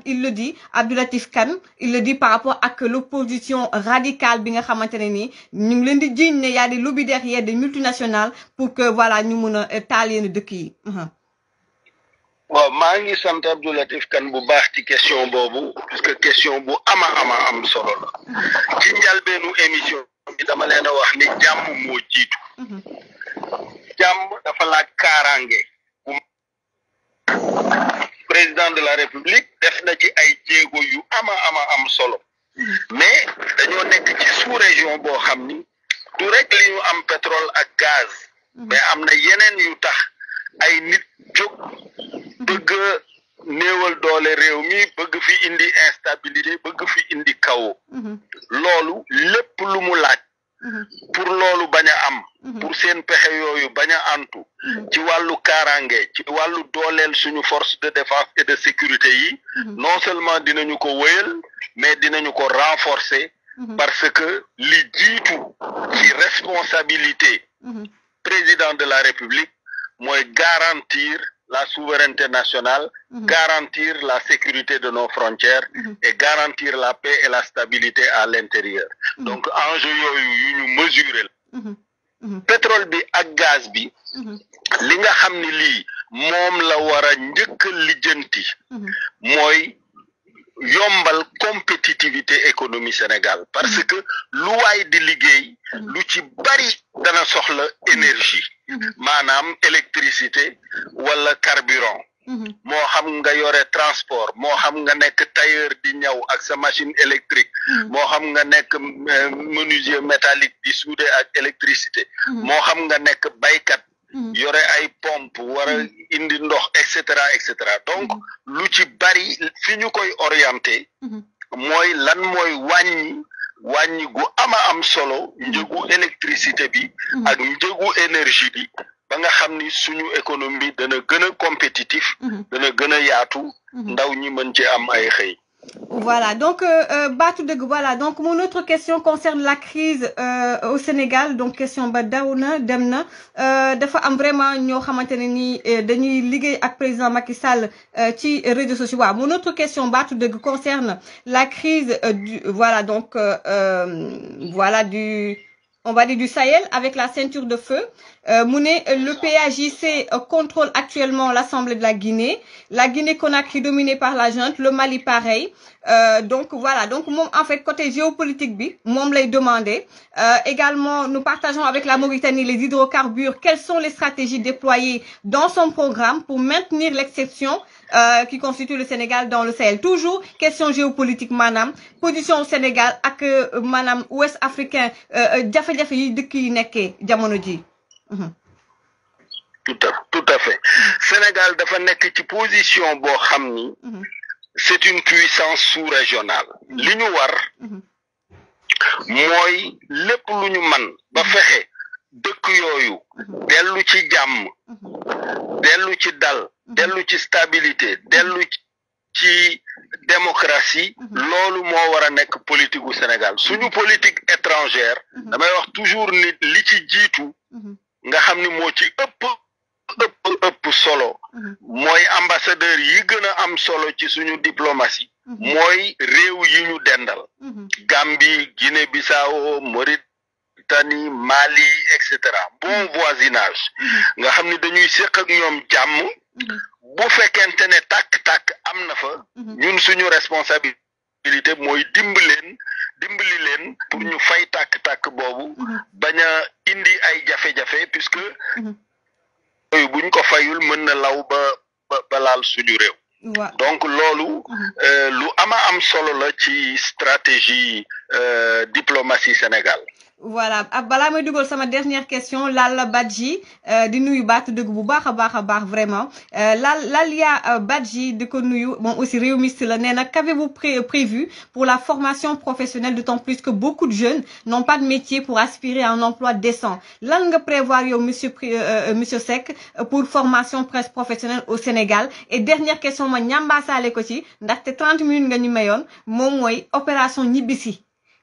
il le dit Abdou Kane il le dit par rapport que l'opposition radicale bi nga xamante ne ñu ngi leen di y a des lobbies derrière des multinationales pour que voilà ñu mun a de waaw maa ngi sant Abdou kan bu baax ci question boobu parce que question bu ama ama am solo la ci njalbeenu émission bi dama leen a wax ni jàmm moo jiitu mhm. jàmm dafa laaj kaaraange président de la république def na ci ay jéego yu ama ama am solo mhm. mais dañoo nekk ci sous région boo xam ni du rek li ñu am pétrole ak gaz mhm. mais am na yeneen yu tax ay nit jóg bëgg néewal doole réew mi bëgg fi indi instabilité bëgg fi indi kaw mhm. loolu lépp lu mu laaj mhm. pour loolu bañ a am mhm. pour seen pexe yooyu bañ a antu ci wàllu kaaraange ci wàllu dooleel suñu force de défense et de sécurité yi non seulement dinañu ko wéyal mais dinañu ko renforcer parce que li jiitu ci responsabilité président de la république moi garantir la souveraineté nationale mhm. garantir la sécurité de nos frontières mhm. et garantir la paix et la stabilité à l'intérieur mhm. donc enjeu il faut mesurer pétrole bi gaz bi li nga la wara gens. yombal compétitivité économie Sénégal parce mm-hmm. que lu waay di liggéey mm-hmm. lu ci bari dana soxla énergie mm-hmm. maanaam électricité wala carburant moo xam nga yore transport moo xam nga nekk tailleur di ñaw ak sa machine électrique moo xam nga nekk euh, menuisier métallique di soudé ak électricité moo xam nga nekk baykat Mm-hmm. yore ay pompe war a mm-hmm. indi ndox et cetera et cetera donc mm-hmm. lu ci bari fi ñu koy orienté mooy lan mooy wàññi wàññi gu ama am solo njëgu électricité bi ak njëgu énergie bi ba nga xam ni suñu économie dana gën a compétitif dana gën a yaatu ndaw ñi mën ci am ay xëy Voilà, donc euh, euh de voilà. Donc mon autre question concerne la crise euh, au Sénégal. Donc question ba Demna. Des fois, dafa am vraiment nous xamante ne nii euh, dañuy liggéey ak président Macky Sall euh, ci réseaux sociaux. mon autre question de concerne la crise du voilà donc voilà du on va dire du Sahel avec la ceinture de feu. Euh, euh, le PAJC euh, contrôle actuellement l'Assemblée de la Guinée. La Guinée-Conakry dominée par la junte, le Mali pareil. Euh, donc voilà, donc en fait côté géopolitique bi, l'a demandé. également, nous partageons avec la Mauritanie les hydrocarbures. Quelles sont les stratégies déployées dans son programme pour maintenir l'exception euh, qui constitue le Sénégal dans le Sahel. Toujours question géopolitique, madame. Position au Sénégal que manam ouest africain, euh, jafé jafé yi tout à fait Sénégal dafa nekk ci position boo xam ni. c'est une puissance sous-régionale. li ñu war. mooy lépp lu ñu man ba fexe dëkk yooyu dellu ci jàmm dellu ci dal dellu ci stabilité dellu ci démocratie loolu moo war a nekk politique u Sénégal suñu politique étrangère damay wax toujours nit li ci jiitu nga xam ni moo ci ëpp ëpp ëpp solo mm-hmm. mooy ambassadeur yi gën a am solo ci suñu diplomatie mm-hmm. mooy réew yi ñu dendal mm-hmm. Gambie Guinée Bissau Mauritanie Mali et cetera bon voisinage nga xam ni dañuy séq ak ñoom jàmm bu fekkente ne tàkk-tàkk am na fa ñun suñu responsabilité mooy dimb leen dimbali leen pour ñu fay tak tak bobu mhm. bañ a indi ay jafe jafe puisque mhm. yoyu buñ ko fayul mën na law ba ba laal suñu réew donc loolu mhm. euh, lu ama am solo la ci stratégie euh, diplomatie sénégal voilà ab ah, may sama dernière question Lal Badji euh, di nuyu baatu deug bu vraiment euh, Lal Lalia euh, Badji de ko nuyu bon aussi réumiste la néna qu'avez-vous prévu pour la formation professionnelle d'autant plus que beaucoup de jeunes n'ont pas de métier pour aspirer à un emploi décent lan nga prévoir yo monsieur monsieur Seck pour formation presse professionnelle au Sénégal et dernière question ma salé ko ci té 30 minutes nga ñu Nibisi. opération ñibisi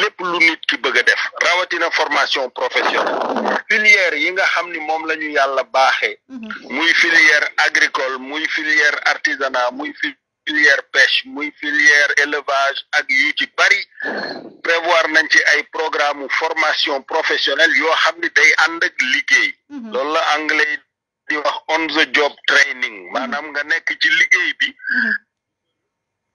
lépp lu nit ki bëgg a def rawatina formation professionnelle filière yi nga xam ni moom lañu yàlla baaxee mhm. muy filière agricole muy filière artisanat muy filière pêche muy filière élevage ak yu ci bari prévoir nañ ci ay programme formation professionnelle yoo xam ni tey ànd ak liggéey mhm. loolu la anglais di wax on the job training mhm. maanaam nga nekk ci liggéey bi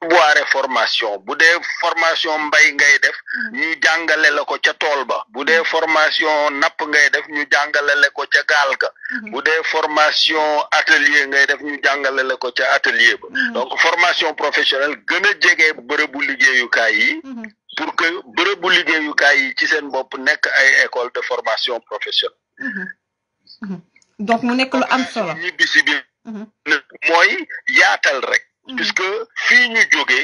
boire formation bu dee formation mbay ngay def mm. ñu jàngale la ko ca tool ba bu dee mm. formation napp ngay def ñu jàngale la ko ca gaal ga mm-hmm. bu dee formation atelier ngay def ñu jàngale la ko ca atelier ba mm. donc formation professionnelle gën jege bërëbu liggéeyukaay yi mm-hmm. pour que bërëbu liggéeyukaay yi ci seen bopp nekk ay école de formation professionnelle mm-hmm. donc mu nekk lu am solo ñibbisi bi mooy yaatal rek puisque mm. fii ñu jóge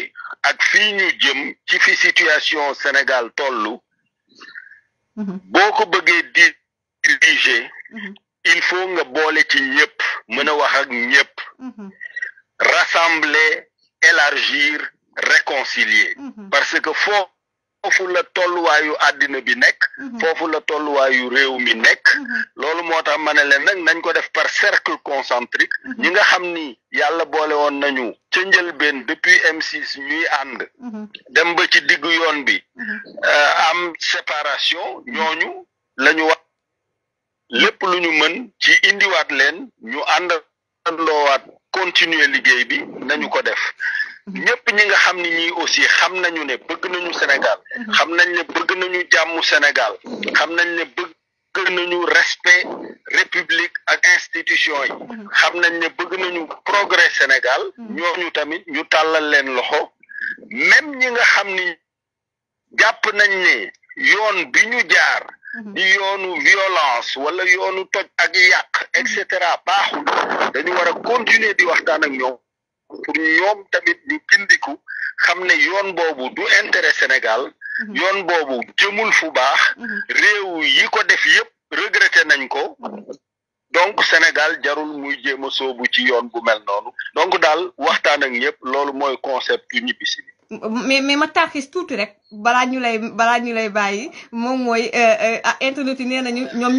ak fii jëm ci fi situation Sénégal tollu mm-hmm. boo bëggé diriger mm-hmm. il faut nga bolé ci ñëpp mëna wax ak ñëpp mm-hmm. rassembler élargir réconcilier parce que faut foofu la tolluwaayu àddina bi nekk mhm. foofu la tolluwaayu réew mi nekk mhm. loolu moo tax ma ne leen nag nañ ko def par cercle concentrique mhm. ñi nga xam ni yàlla boole woon nañu ca njëlbeen depuis M6 ñuy ànd dem ba ci diggu yoon bi euh, am séparation ñooñu lañu wax lépp lu ñu mën ci indiwaat leen ñu ànd andoowaat continuer liggéey bi nañu ko def ñëpp ñi nga xam ni ñii aussi xam nañu ne bëgg nañu Sénégal xam nañ ne bëgg nañu jàmm Sénégal xam nañ ne bëgg nañu respect république ak institution yi xam nañ ne bëgg nañu progrès Sénégal ñu tamit ñu tàllal leen loxo même ñi nga xam ni jàpp nañ ne yoon bi ñu jaar di yoonu violence wala yoonu toj ak yàq et cetera baaxul dañu war a continuer di waxtaan ak ñoom pour ñoom tamit ñu gindiku xam ne yoon boobu du intérêt Sénégal mhm. yoon boobu jëmul fu baax mhm. réew yi ko def yépp regretté nañ ko donc Sénégal jarul mu jéem a soobu ci yoon bu mel noonu donc daal waxtaan ak ñëpp loolu mooy concept yu ñibbisi mais mais ma rek bala ñu lay ñu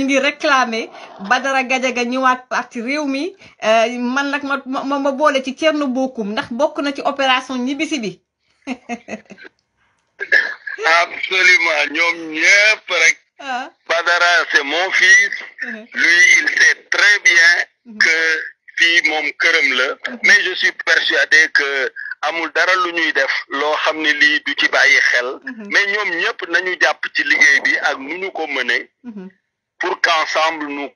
lay réclamer Badara Je ñëwaat parti mi euh, man ma ma ci ndax na ci opération bi. <laughs> absolument ah. Badara c'est mon fils. Uh-huh. lui il sait très bien uh-huh. que uh-huh. mais je suis persuadé que mais pour qu'ensemble nous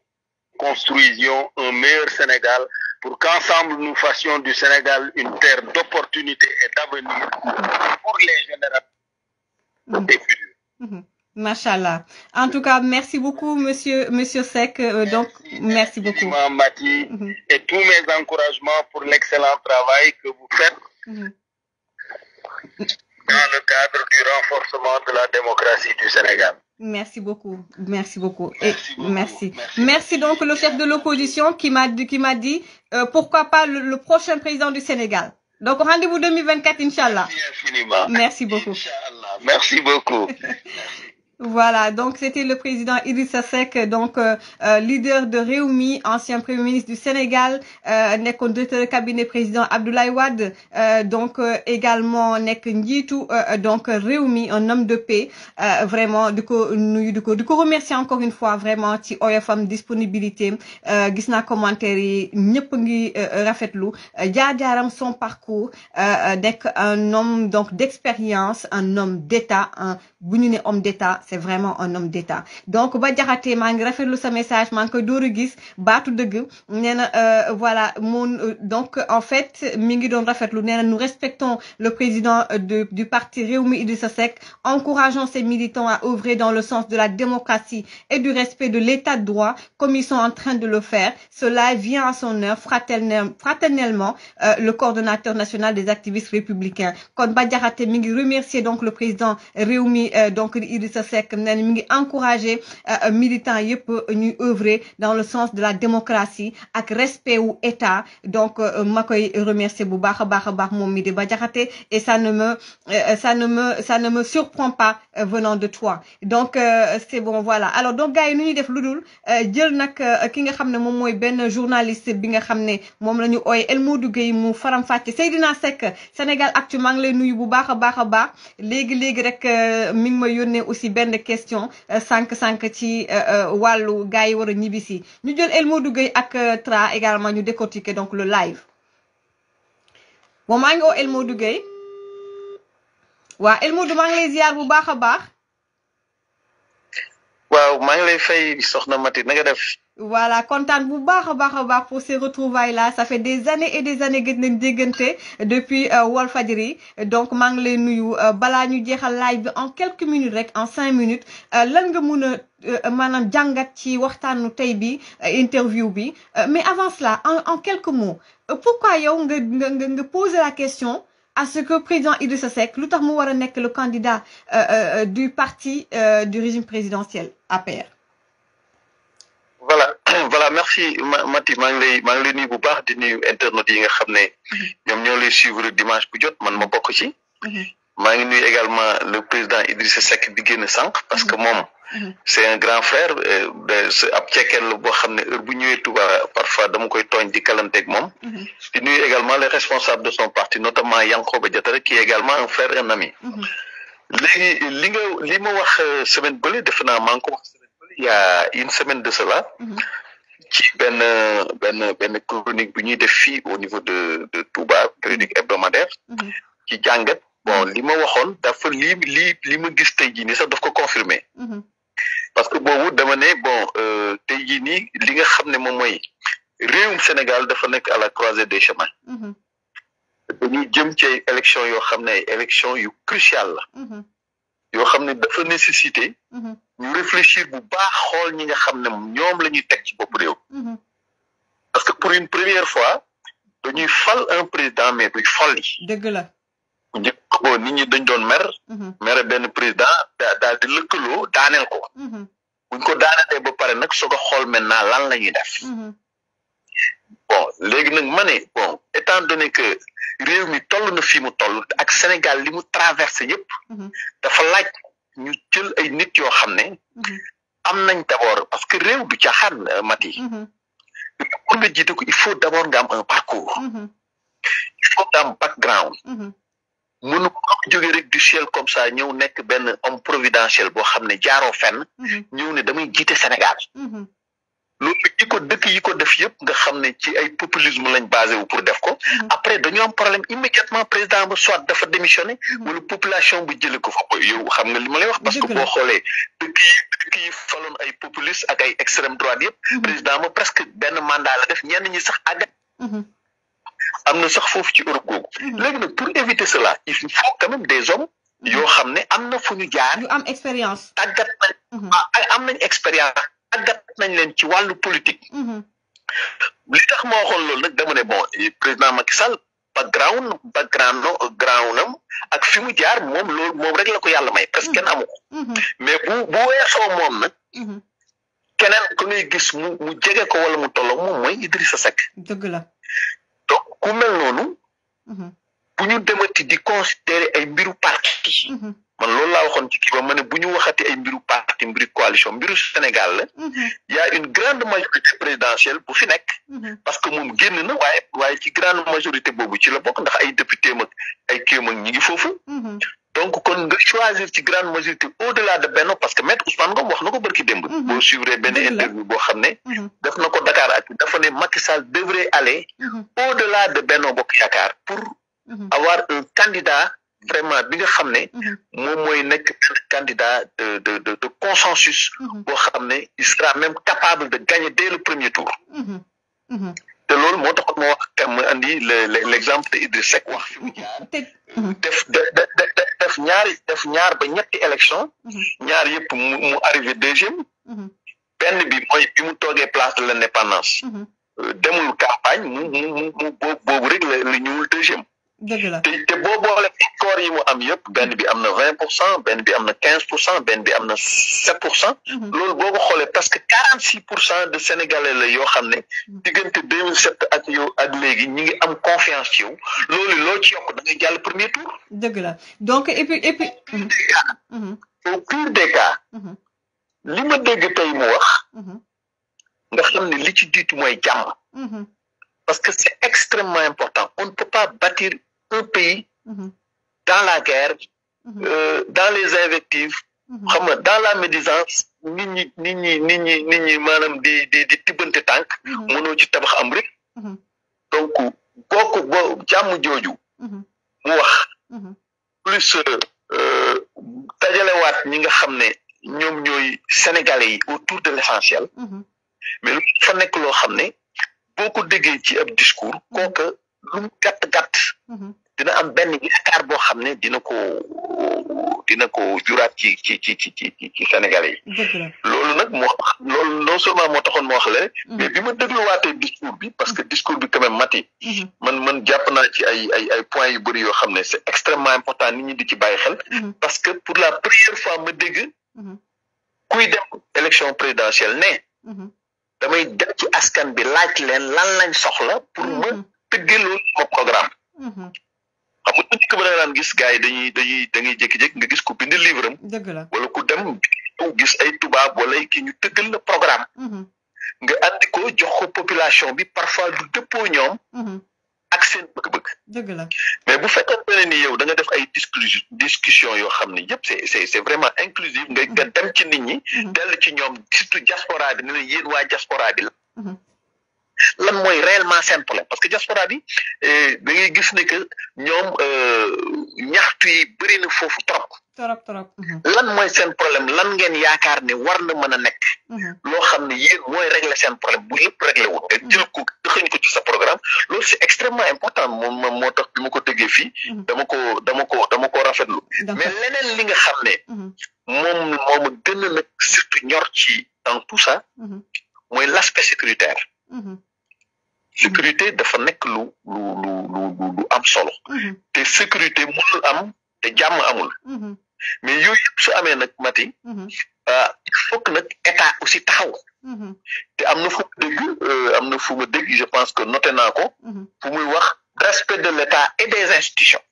construisions un meilleur Sénégal pour qu'ensemble nous fassions du Sénégal une terre d'opportunités et d'avenir mhm. pour les générations des mhm. futurs. Machallah. Mhm. En tout cas, merci beaucoup, monsieur, monsieur Sec. Euh, donc, merci, beaucoup. Et tous mes encouragements pour l'excellent travail que vous faites Mm-hmm. Dans le cadre du renforcement de la démocratie du Sénégal. Merci beaucoup, merci beaucoup. Merci. Merci. donc le chef de l'opposition qui m'a dit, qui m'a dit euh, pourquoi pas le, prochain président du Sénégal. Donc rendez-vous 2024, Inch'Allah. Merci infiniment. Merci beaucoup. Merci beaucoup. <laughs> Voilà, donc c'était le président Idrissa Seck, donc euh, euh, leader de Réumi, ancien premier ministre du Sénégal, euh, le directeur cabinet président Abdoulaye Wade, euh, donc également Nek tout donc Réumi, un homme de paix, vraiment Du coup, nous, du coup, Du coup, remercier encore une fois vraiment ci OFM disponibilité gisna commentaire rafet ngi son parcours donc un homme donc d'expérience un homme d'état un homme d'état c'est vraiment un homme d'état donc ba sa message Manque ko dooru gis euh, voilà euh, donc en fait Mingi ngi nous respectons le président euh, du parti Réumi Idrissa Seck encourageons ses militants à œuvrer dans le sens de la démocratie et du respect de l'état de droit comme ils sont en train de le faire cela vient à son heure fraternellement le coordonnateur national des activistes républicains kon ba remercier donc le président euh, donc Idrissa Seck nee na mi ngi encouragé euh, euh, militants ñuy œuvrer dans le sens de la démocratie ak respect wu état donc euh, ma remercier bu baax a baax mom mi di ba jaxaté et ça ne me ça ne me ça ne me surprend pas venant de toi donc c'est bon voilà alors donc gars yi nu ñuy def luddul dul jël nag ki nga xamné mom moy ben journaliste bi nga xamné mom lañu la El Modou Gueye mu faram fàcce Seydina Seck Sénégal Actu mang lay nuyu bu baax a baax légui légui rek Ming ma yónnee aussi benn des question 5-5 euh, ci walu gaay wara ñu jël euh, Tra également ñu décortiquer donc le live bon mango et mot El Modou waaw maa lay fay soxna Mati nga def. voilà kontaan bu baax barre barre pour ces retrouvailles là ça fait des années et des années que nous déggante depuis euh, Walfadjri donc maa le lay nuyu Nous euh, ñu live en quelques minutes rek en cinq minutes euh, lan nga mun a maanaam jàngat ci waxtaanu tey bi interview bi mais avant cela en en quelques mots pourquoi yow nga nga nga poser la question. à ce que président Idrissa Seck lu tax mu le candidat du parti du régime présidentiel APR. voilà <clears throat> voilà merci Mati maa ngi lay maa ngi de nuyu bu baax di nuyu internet yi nga ne mm-hmm. ñoo lay suivre dimanche bu jot man ma bokk ci. Mm-hmm. maa nuyu également le président Idrissa Seck bi génn parce que mm-hmm. moom. c'est un grand frère euh, de ab cekkeel la boo xam ne heure bu ñëwee Touba parfois dama koy tooñ di kalanteeg moom. di nuyu également les responsables de son parti notamment Yankhoba Diattara qui est également un frère et un ami li nga li ma wax euh, semaine bële def naa maa ngi ko wax semaine bële il y a une semaine de cela mhm. ci benn benn benn chronique bi ñuy def fii au niveau de de Touba chronique hebdomadaire mhm. ci jàngat bon mhm. li ma waxoon dafa li li li ma gis tey jii nii sax daf ko confirmer parce que boobu dama ne bon euh, tey jii nii li nga xam ne moom mooy réewum Sénégal dafa nekk à la croisée des chemins dañu jëm ci ay yoo xam ne ay élection yu crucial la mhm. yoo xam ne dafa nécessité mhm. ñu réfléchir bu baax xool ñi nga xam ne ñoom la ñuy teg ci bopp réew mhm. parce que pour une première fois dañuy fal un président mais duñ fal yi dëgg la nit ñi dañ doon mer mere benn président daal di lëkkaloo daaneel ko buñ ko daanelee ba pare nag soog a xool maintenant lan la ñuy def bon léegi nag ma ne bon étant donné que réew mi toll na fi mu toll ak Sénégal li mu traversé yëpp. Mhm. dafa laaj ñu jël ay nit yoo xam ne. Mhm. am nañ d' parce que réew du caaxaan euh, Mati. Mhm. pour nga jiite ko il faut d' abord nga am un parcours. il faut nga background. mënu ko jóge rek du ciel comme ça ñëw nekk benn homme providentiel boo xam ne jaaro fenn. ñëw ne damay jiite Sénégal. loolu yi ko dëkk yi ko def yëpp nga xam ne ci ay populisme lañ basé wu pour def ko mhm. après dañu am problème immédiatement président ba soit dafa démissionné mhm. wala population bu jële ko fa yow xam nga li ma lay wax parce que boo xoolee dëkk yi faloon ay populiste ak ay extrême droite yëpp mhm. président ma presque benn mandat la def ñenn ñi sax àgga am na sax foofu ci Europe googu léegi nag pour éviter cela il faut quand même des hommes yoo xam ne am na fu ñu am expérience tàggat ah, am nañ expérience tàggat nañ leen ci wàllu politique. Mhm. li tax ma waxoon loolu nag dama ne bon président Macky Sall background background ground am ak fi mu jaar moom loolu moom rek la ko yàlla may presque kenn amu ko. Mhm. mais bu bu weesoo moom nag. Mhm. keneen ku ngay gis mu mu jege ko wala mu tolloo moom mooy Idrissa Seck. dëgg la ku mel noonu. ñu demati di considérer ay mbiru parti. Mhm. man loolu laa waxoon ci kii ma ne bu ñu waxati ay mbiru parti mbiru coalition mbiru Sénégal la. Mhm. y a une grande majorité présidentielle bu fi nekk. Mhm. parce que moom génne na waaye waaye ci grande majorité boobu ci la bokk ndax ay député mag ay kéem ñi ngi foofu. donc kon nga choisir ci grande majorité au delà de Benno parce que maître Ousmane Ngom wax na ko barki démb. boo suivre benn interview boo xam n def na ko Dakar ak dafa ne Macky Sall devrait aller. au de Benno Bokk Mhm. avoir un candidat vraiment bi nga xamné mom mhm. moy nek candidat de de de de consensus mhm. boo xamné il sera même capable de gagner dès le premier tour te loolu moo taxoon mo wax ma andi l'exemple de Idriss Seck wax fi mu jaar def def ñaar def ñaar ba ñetti élection ñaar yépp mu arrivé deuxième benn bi mooy bi mu toogee place de l'indépendance. Euh, demul campagne mu mu mu boobu rek la ñuul deuxième dëgg la te bo boo boole koor yi mu am yépp benn bi am na vingt pour cent benn bi am na quinze pour cent benn bi am na sept pour cent. Mhm. loolu boo ko xoolee parce que 46 pour cent de sénégalais la yoo xam ne mhm. diggante deux ak yow ak léegi ñi ngi am confiance ci yow loolu loo ci yokk da ngay jàll premier tour. dëgg la donc et puis et puis. au pire mhm. des cas. li ma dégg tey mu wax. nga xam ne li ci jiitu mooy jàmm. parce que c'est extrêmement important on ne peut pas bâtir un pays mhm. dans la guerre mhm. euh, dans les invectives mhm. xam nga dans la médisance nit ñi nit ñi nit ñi nit ñi maanaam di di di tibbante tànk mënoo ci tabax am rek donc kooku bo jàmm jooju mu wax plus euh, dajalewaat ñi nga xam ne ñoom ñooy sénégalais yi autour de l'essentiel mais lu fa nekk loo xam ne boo ci ab discours kooka lu mu gàtt gàtt. Mhm. dina am benn yaakaar boo xam ne dina ko dina ko juraat ci ci ci ci ci ci Sénégalais yi. loolu nag moo loolu non seulement moo taxoon moo wax la mhm. mais bi ma dégluwaatee discours bi parce que discours bi quand même mati. Mhm. man man jàpp naa ci ay ay ay points yu bëri yoo xam ne c'est extrêmement important nit ñi di ci bàyyi xel. parce que pour la première fois ma dégg. kuy dem élection présidentielle ne. damay dem ci askan bi laaj leen lan lañ soxla pour ma. tëggee loolu moo programme. Mhm. xam nga nit ki daan gis gars yi dañuy dañuy da ngay jékki-jékki nga gis ku bind livre wala ku dem gis ay tubaab wala ki ñu tëggal na programme. Mhm. nga andi ko jox ko population bi parfois du dëppoo ñoom. Mhm. ak seen bëgg-bëgg. mais bu fekkente ne ni yow da nga def ay discussion discussion yoo xam ne yëpp c'est c'est c'est vraiment inclusive nga nga dem ci nit ñi. dellu ci ñoom surtout diaspora bi ne leen yéen waa diaspora bi la. lan mooy réellement seen problème parce que diaspora bi euh, da ngay gis ne que ñoom euh, ñaxtu yi bëri na foofu trop. trop mhm. lan mooy seen problème lan ngeen yaakaar ne war na mën a nekk. Mhm. loo xam ne yéen mooy régler seen problème bu yépp réglé wu. te mhm. jël ko dëxëñ ko ci sa programme lool c'est extrêmement important moom moo tax bi ma ko déggee fii. dama ko dama ko dama ko rafetlu. mais leneen li nga xam ne. moom moom gën a nag surtout ñor ci dans tout ça. mooy l'aspect sécuritaire. sécurité dafa nekk lu lu lu lu lu am solo. Mhm. te sécurité mënul am té jamm amul. Mhm. mais yooyu su amé nak mati. Mhm. ah il faut que nag état aussi taxaw. té amna na fu mu dégg euh, am fu je pense que noté nako pour fu muy wax respect de l'état et des institutions.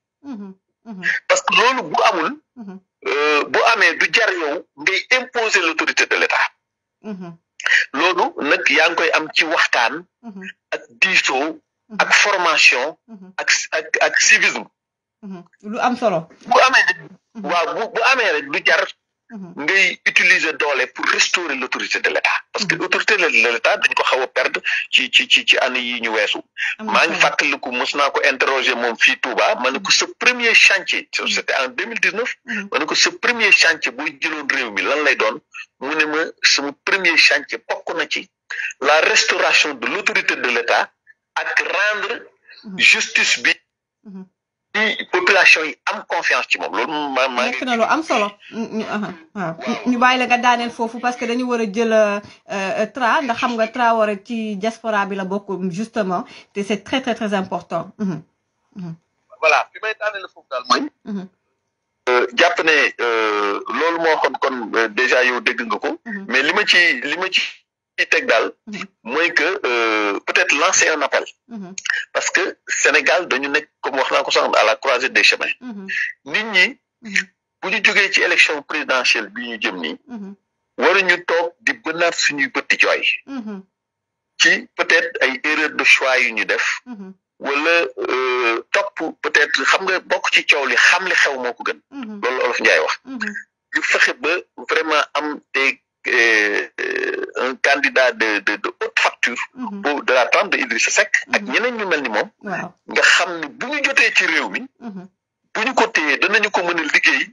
parce que loolu bu amul. Euh, bu amé du jar yow ngay imposer l'autorité de l'état loolu nag yaa ngi koy am ci waxtaan mm-hmm. ak diisoo mm-hmm. ak formation mm-hmm. ak ak ak civisme lu am solo bu amee rek waaw bu bu amee rek du jar Mm-hmm. ngay utiliser doole pour restaurer l' de l' état parce que mm-hmm. autorité de l' état dañ ko xaw a perdre ci ci ci ci année yi ñu weesu ah, maa ngi fàttaliku mos naa ko interroger moom fii Touba ma ne ko mm-hmm. sa premier chantier c' était en deux mille dix neuf ma ne ko sa premier chantier boo jëloon réew mi lan lay doon mu ne ma sama premier chantier bokk na ci la restauration de l' de l' ak rendre justice bi Eh, population yi am confiance ci mom loolu maa maa nekk na lu am solo ñu bàyyi la nga daaneel fofu parce que dañu wara a jël euh, euh, Tra nga xam nga wara ci diaspora bi la bokk justement té c'est très très très important mhm. Mhm. voilà fi may daaneel foofu daal mooy mhm. euh, jàpp ne loolu mo xoon kon déjà yow dégg nga ko mais lima ci lima ci ci moins que euh, peut-être lancer un appel mm-hmm. parce que Sénégal dañu nekk comme on naa ko à la croisée des chemins mm-hmm. nit ñi mm-hmm. bu ñu ci élection présidentielle bi ñu jëm nii waruñu de di bënaat suñuy bëtti jooy ci peut-être ay erreur de choix yu ñu def wala euh, top, peut-être xam nga de ci les li xam li xew moo ko gën loolu Olof Njaay wax ñu fexe ba vraiment am te Euh, un candidat de de de haute facture. Mhm. de la trempe de Idrissa Seck. ak mhm. ñeneen ñu mel ni moom. nga xam ni bu ñu jotee ci réew mi. Mhm. bu ñu ko téyee danañu ko mën a liggéey.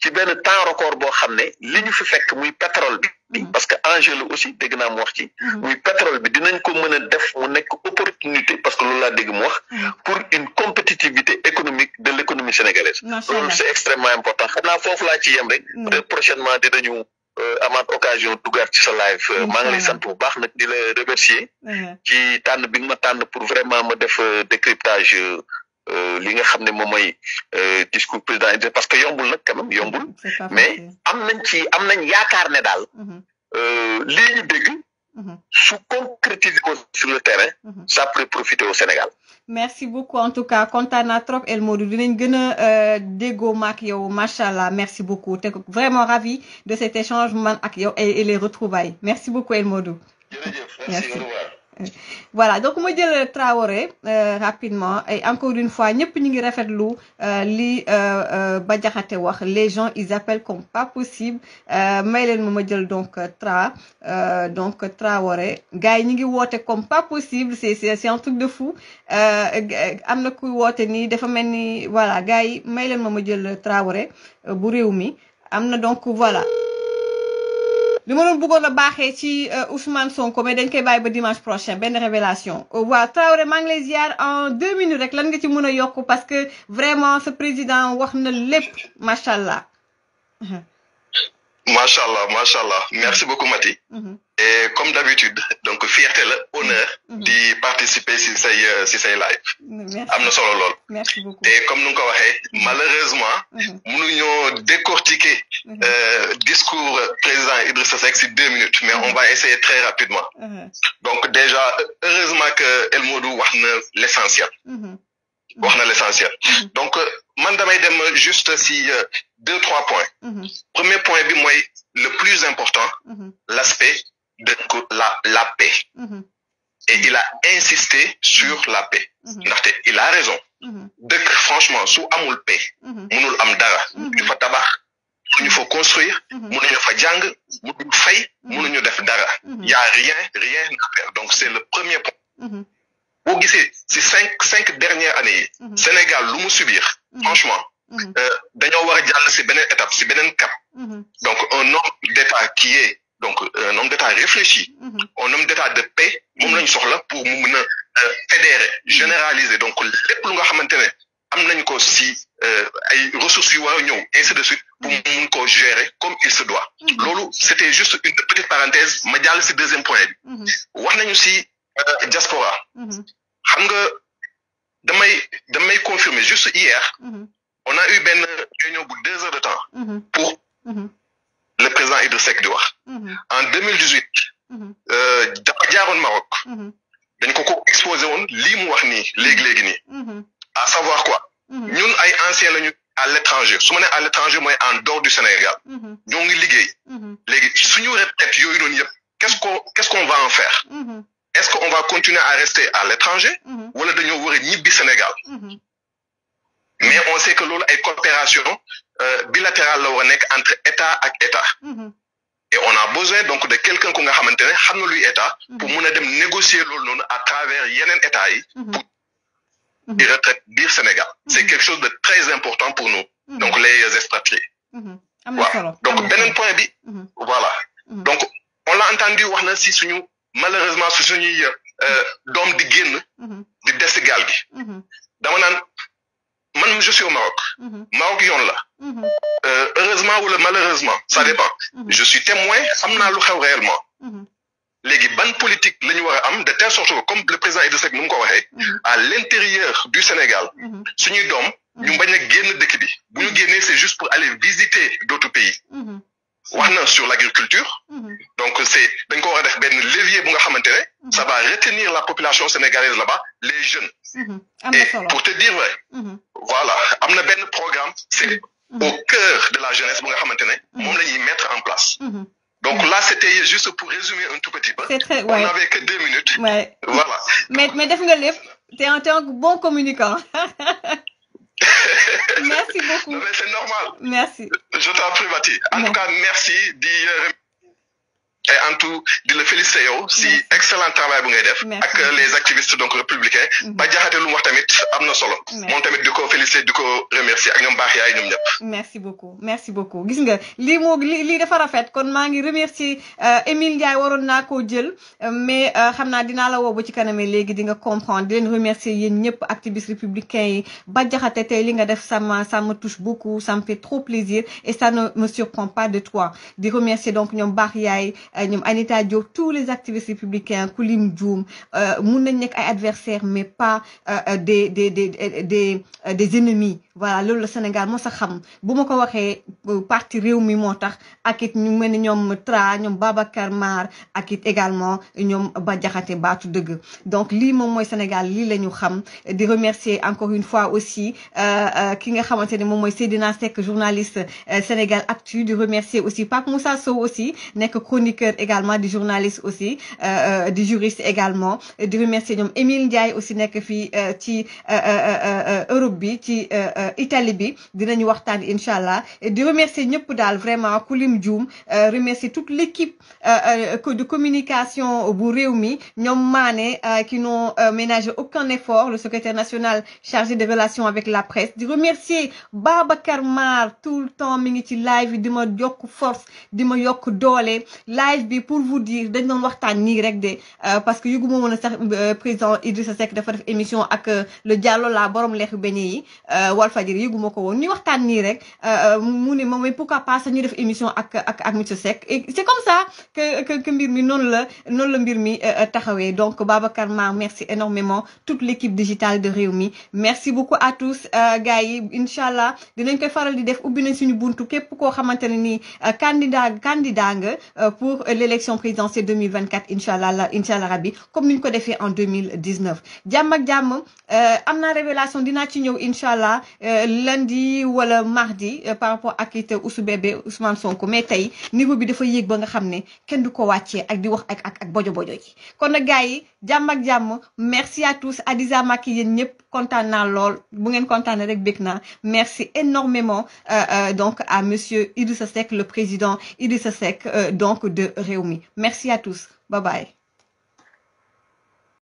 ci benn temps record boo xam ne li ñu fi fekk muy pétrole bi. parce que enjeu la aussi dégg naa mu wax ci. muy pétrole bi dinañ ko mën a def mu nekk opportunité parce que loolu laa dégg mu wax. pour une compétitivité économique de l' économie sénégalaise. loolu c' est extrêmement important xam naa laa ci yem rek. peut-être Euh, amaat occasion duggaat ci sa live euh, maa ngi lay sant bu baax nag di la remercier uh-huh. ci tànn bi nga ma tànn pour vraiment ma def euh, décryptage li nga xam ne moom mooy discours président parce que yombul nag quand yombul mais am nañ ci am nañ yaakaar ne daal uh-huh. lii ñu dégg uh-huh. su concrétiser ko sur le terrain ça pourrait profiter au Sénégal merci beaucoup en tout cas quant à trop El Modou dinañ euh, yow merci beaucoup te vraiment ravi de cet échange man ak yow et les retrouvailles merci beaucoup El Modou. merci voilà donc je le Traoré euh, rapidement et encore une fois ñëpp ñu ngi rafetlu euh, li Bah Diakhaté wax les gens ils appellent comme pas possible may leen ma jël donc Tra donc Traoré gars yi ngi woté comme pas possible c'est c'est un truc de fou euh amna kuy woté ni dafa melni voilà gars yi may leen ma ma jël Traoré bu réew mi donc voilà nous ma beaucoup bëggoon euh, Ousmane Sonko mais dañ va bàyyi ba dimanche prochain Belle révélation revoir. Euh, Traoré heureux. ngi en deux minutes rek lan nga ci mën parce que vraiment ce président wax na machallah. Masha'Allah. machallah. Masha'Allah. merci beaucoup Mati. Mm-hmm et comme d'habitude donc fierté honneur mm-hmm. de participer si c'est euh, live Merci. beaucoup et comme nous nga mm-hmm. malheureusement, nous malheureusement décortiqué décortiquer mm-hmm. euh, discours président Idrissa Seck si deux minutes mais on va essayer très rapidement donc déjà heureusement que El Modou l'essentiel l'essentiel donc je euh, juste si deux trois points premier point le plus important l'aspect de la, la paix. Mm -hmm. Et il a insisté sur mm-hmm. la paix. Mm-hmm. ndaxte il a raison. Mm-hmm. donc franchement sous amul paix. munul am dara. faut fa tabax faut fa construire. mënuñu fa jàng mënuñu fay mënuñu def dara. y a rien rien à faire donc c'est le premier point. vous gisee ces cinq cinq dernières années Sénégal lu subir. franchement. Euh, dañoo war a jàll si beneen étape si beneen cap. donc un homme d'État qui est donc un homme d'État réfléchi mm-hmm. un homme d'État de paix nous sommes là pour nous euh, fédérer mm-hmm. généraliser donc les plus nga à maintenir am nañ ko euh, ressources et ainsi de suite pour mm-hmm. nous gérer comme il se doit c'était juste une petite parenthèse ma c'est le deuxième point Nous avons aussi la diaspora xam nga damay confirmer juste hier on a eu une réunion pour deux heures de temps pour le président Idrissa Seck di wax. Mhm. en deux mille dix huit. Mhm. Euh, dafa jaaroon Maroc. Mhm. dañ ko ko exposé woon lii mu wax nii léegi léegi nii. à savoir quoi. ñun ay anciens lañu à l'étranger su ma nee à l'étranger mooy en dehors du Sénégal. ñoo ngi liggéey. léegi suñu retraite yooyu noonu yëpp qu'est-ce qu'on qu'est-ce qu'on va en faire. est-ce qu'on va continuer à rester à l'étranger. wala dañoo war ñibbi Sénégal. mais on sait que l'eau est coopération euh, bilatérale la entre état et état. Mhm. et on a besoin donc de quelqu'un qui a un intérêt, xam état. Mhm. pour mun dem négocier l'eau à travers Yenen état yi. Mhm. pour di retraite du Sénégal. c'est quelque chose de très important pour nous. donc les expatriés. solo donc point bi. voilà donc on l'a entendu wax si suñu malheureusement su suñuy euh, doom di de di des gaal dama man je suis au Maroc. Mhm. Maroc en la. Mhm. Euh, heureusement ou malheureusement ça mhm. dépend. je suis témoin je naa lu réellement. Les ban politiques, les ñu de telle sorte comme le président Idrissa de à l'intérieur du Sénégal. Ce doom ñu bañ bi c'est juste pour aller visiter d'autres pays on sur l'agriculture mm-hmm. donc c'est un levier bu ça mm-hmm. va retenir la population sénégalaise là-bas les jeunes mm-hmm. et pour te dire voilà ben programme c'est au cœur de la jeunesse bu nga xamante mettre en place donc là, c'était juste pour résumer un tout petit peu. On n'avait que deux minutes. Voilà. Mais, mais tu es un bon communicant. <laughs> <laughs> Merci beaucoup. c'est normal. Merci. Je t'en prie, En tout cas, merci. d'y euh, et en tout de la féliciter yow si excellent travail bu ngay def ak euh, les activistes donc républicains mhm. ba jaxate lu wax tamit amna solo mon tamit diko féliciter diko remercier ak ñoom baax yaay ñoom ñep merci beaucoup merci beaucoup gis nga li mo li dafa rafet kon ma ngi remercier euh, Émile Ndiaye waron na ko jël euh, mais xamna dina la wo bu ci kaname légui di nga comprendre di len remercier yeen ñep activistes républicains yi ba jaxate tay li nga def ça me ça me touche beaucoup ça me fait trop plaisir et ça ne me surprend pas de toi di remercier donc ñoom baax yaay Euh, ñoom Anita Diop tous les activistes républicains ku lim juum euh, mun nañ nekk ay adversaires mais pas euh, des des des des des ennemis voilà lolu Sénégal mo sa xam buma ko waxé euh, parti réew mi ak it ñu mel ñom Tra ñom Babacar Mar ak it également ñom ba Diakhaté batu deug donc li mom moy Sénégal li lañu xam di remercier encore une fois aussi euh, euh, ki nga xamanteni mom moy mooy Seydina Seck journaliste Sénégal Actu de remercier aussi Pape Moussa Sow aussi nek chroniqueur également di journaliste aussi di juriste également de remercier ñom Émile Ndiaye aussi nek fi ci Europe bi ci euh, italibi bi dinañu waxtaan di remercier ñëpp dal vraiment Koulim djum euh, remercier toute l'équipe euh, de communication bu rewmi ñom qui n'ont ménagé aucun effort le secrétaire national chargé des relations avec la presse di remercier Babacar Mar tout le temps mi ci live de di force di ma yokk live bi pour vous dire dañ doon waxtaan ni rek parce que yuguma wona présent. Il sax président Idrissa Seck dafa def émission ak le Diallo la borom leexu yi Walfadjri yëguma ko woon ñu waxtaan nii rek euh, euh ne momay mooy pourquoi pas sax ñu def émission ak ak ak monsieur Seck et comme ça que que que mbir mi non la non la mbir mi euh, euh, taxawé donc Babacar ma merci énormément toute l'équipe digitale de Rewmi merci beaucoup à tous gars yi inshallah dinañ koy faral di def ubbi nañ suñu buntu kep ko xamante ni candidat candidat nga pour l'élection présidentielle 2024 inshallah inshallah rabbi comme ni ñu ko défé en 2019 jàmm ak jàmm euh amna révélation dina ci ñew inshallah euh, lundi le mardi euh, par rapport à Akite Bébé Ousmane Sonko niveau bi dafa ba nga du ak merci à tous Adiza contana bu merci énormément euh, donc à monsieur Idrissa Seck le président Idrissa Seck donc de Réumi. merci à tous bye bye.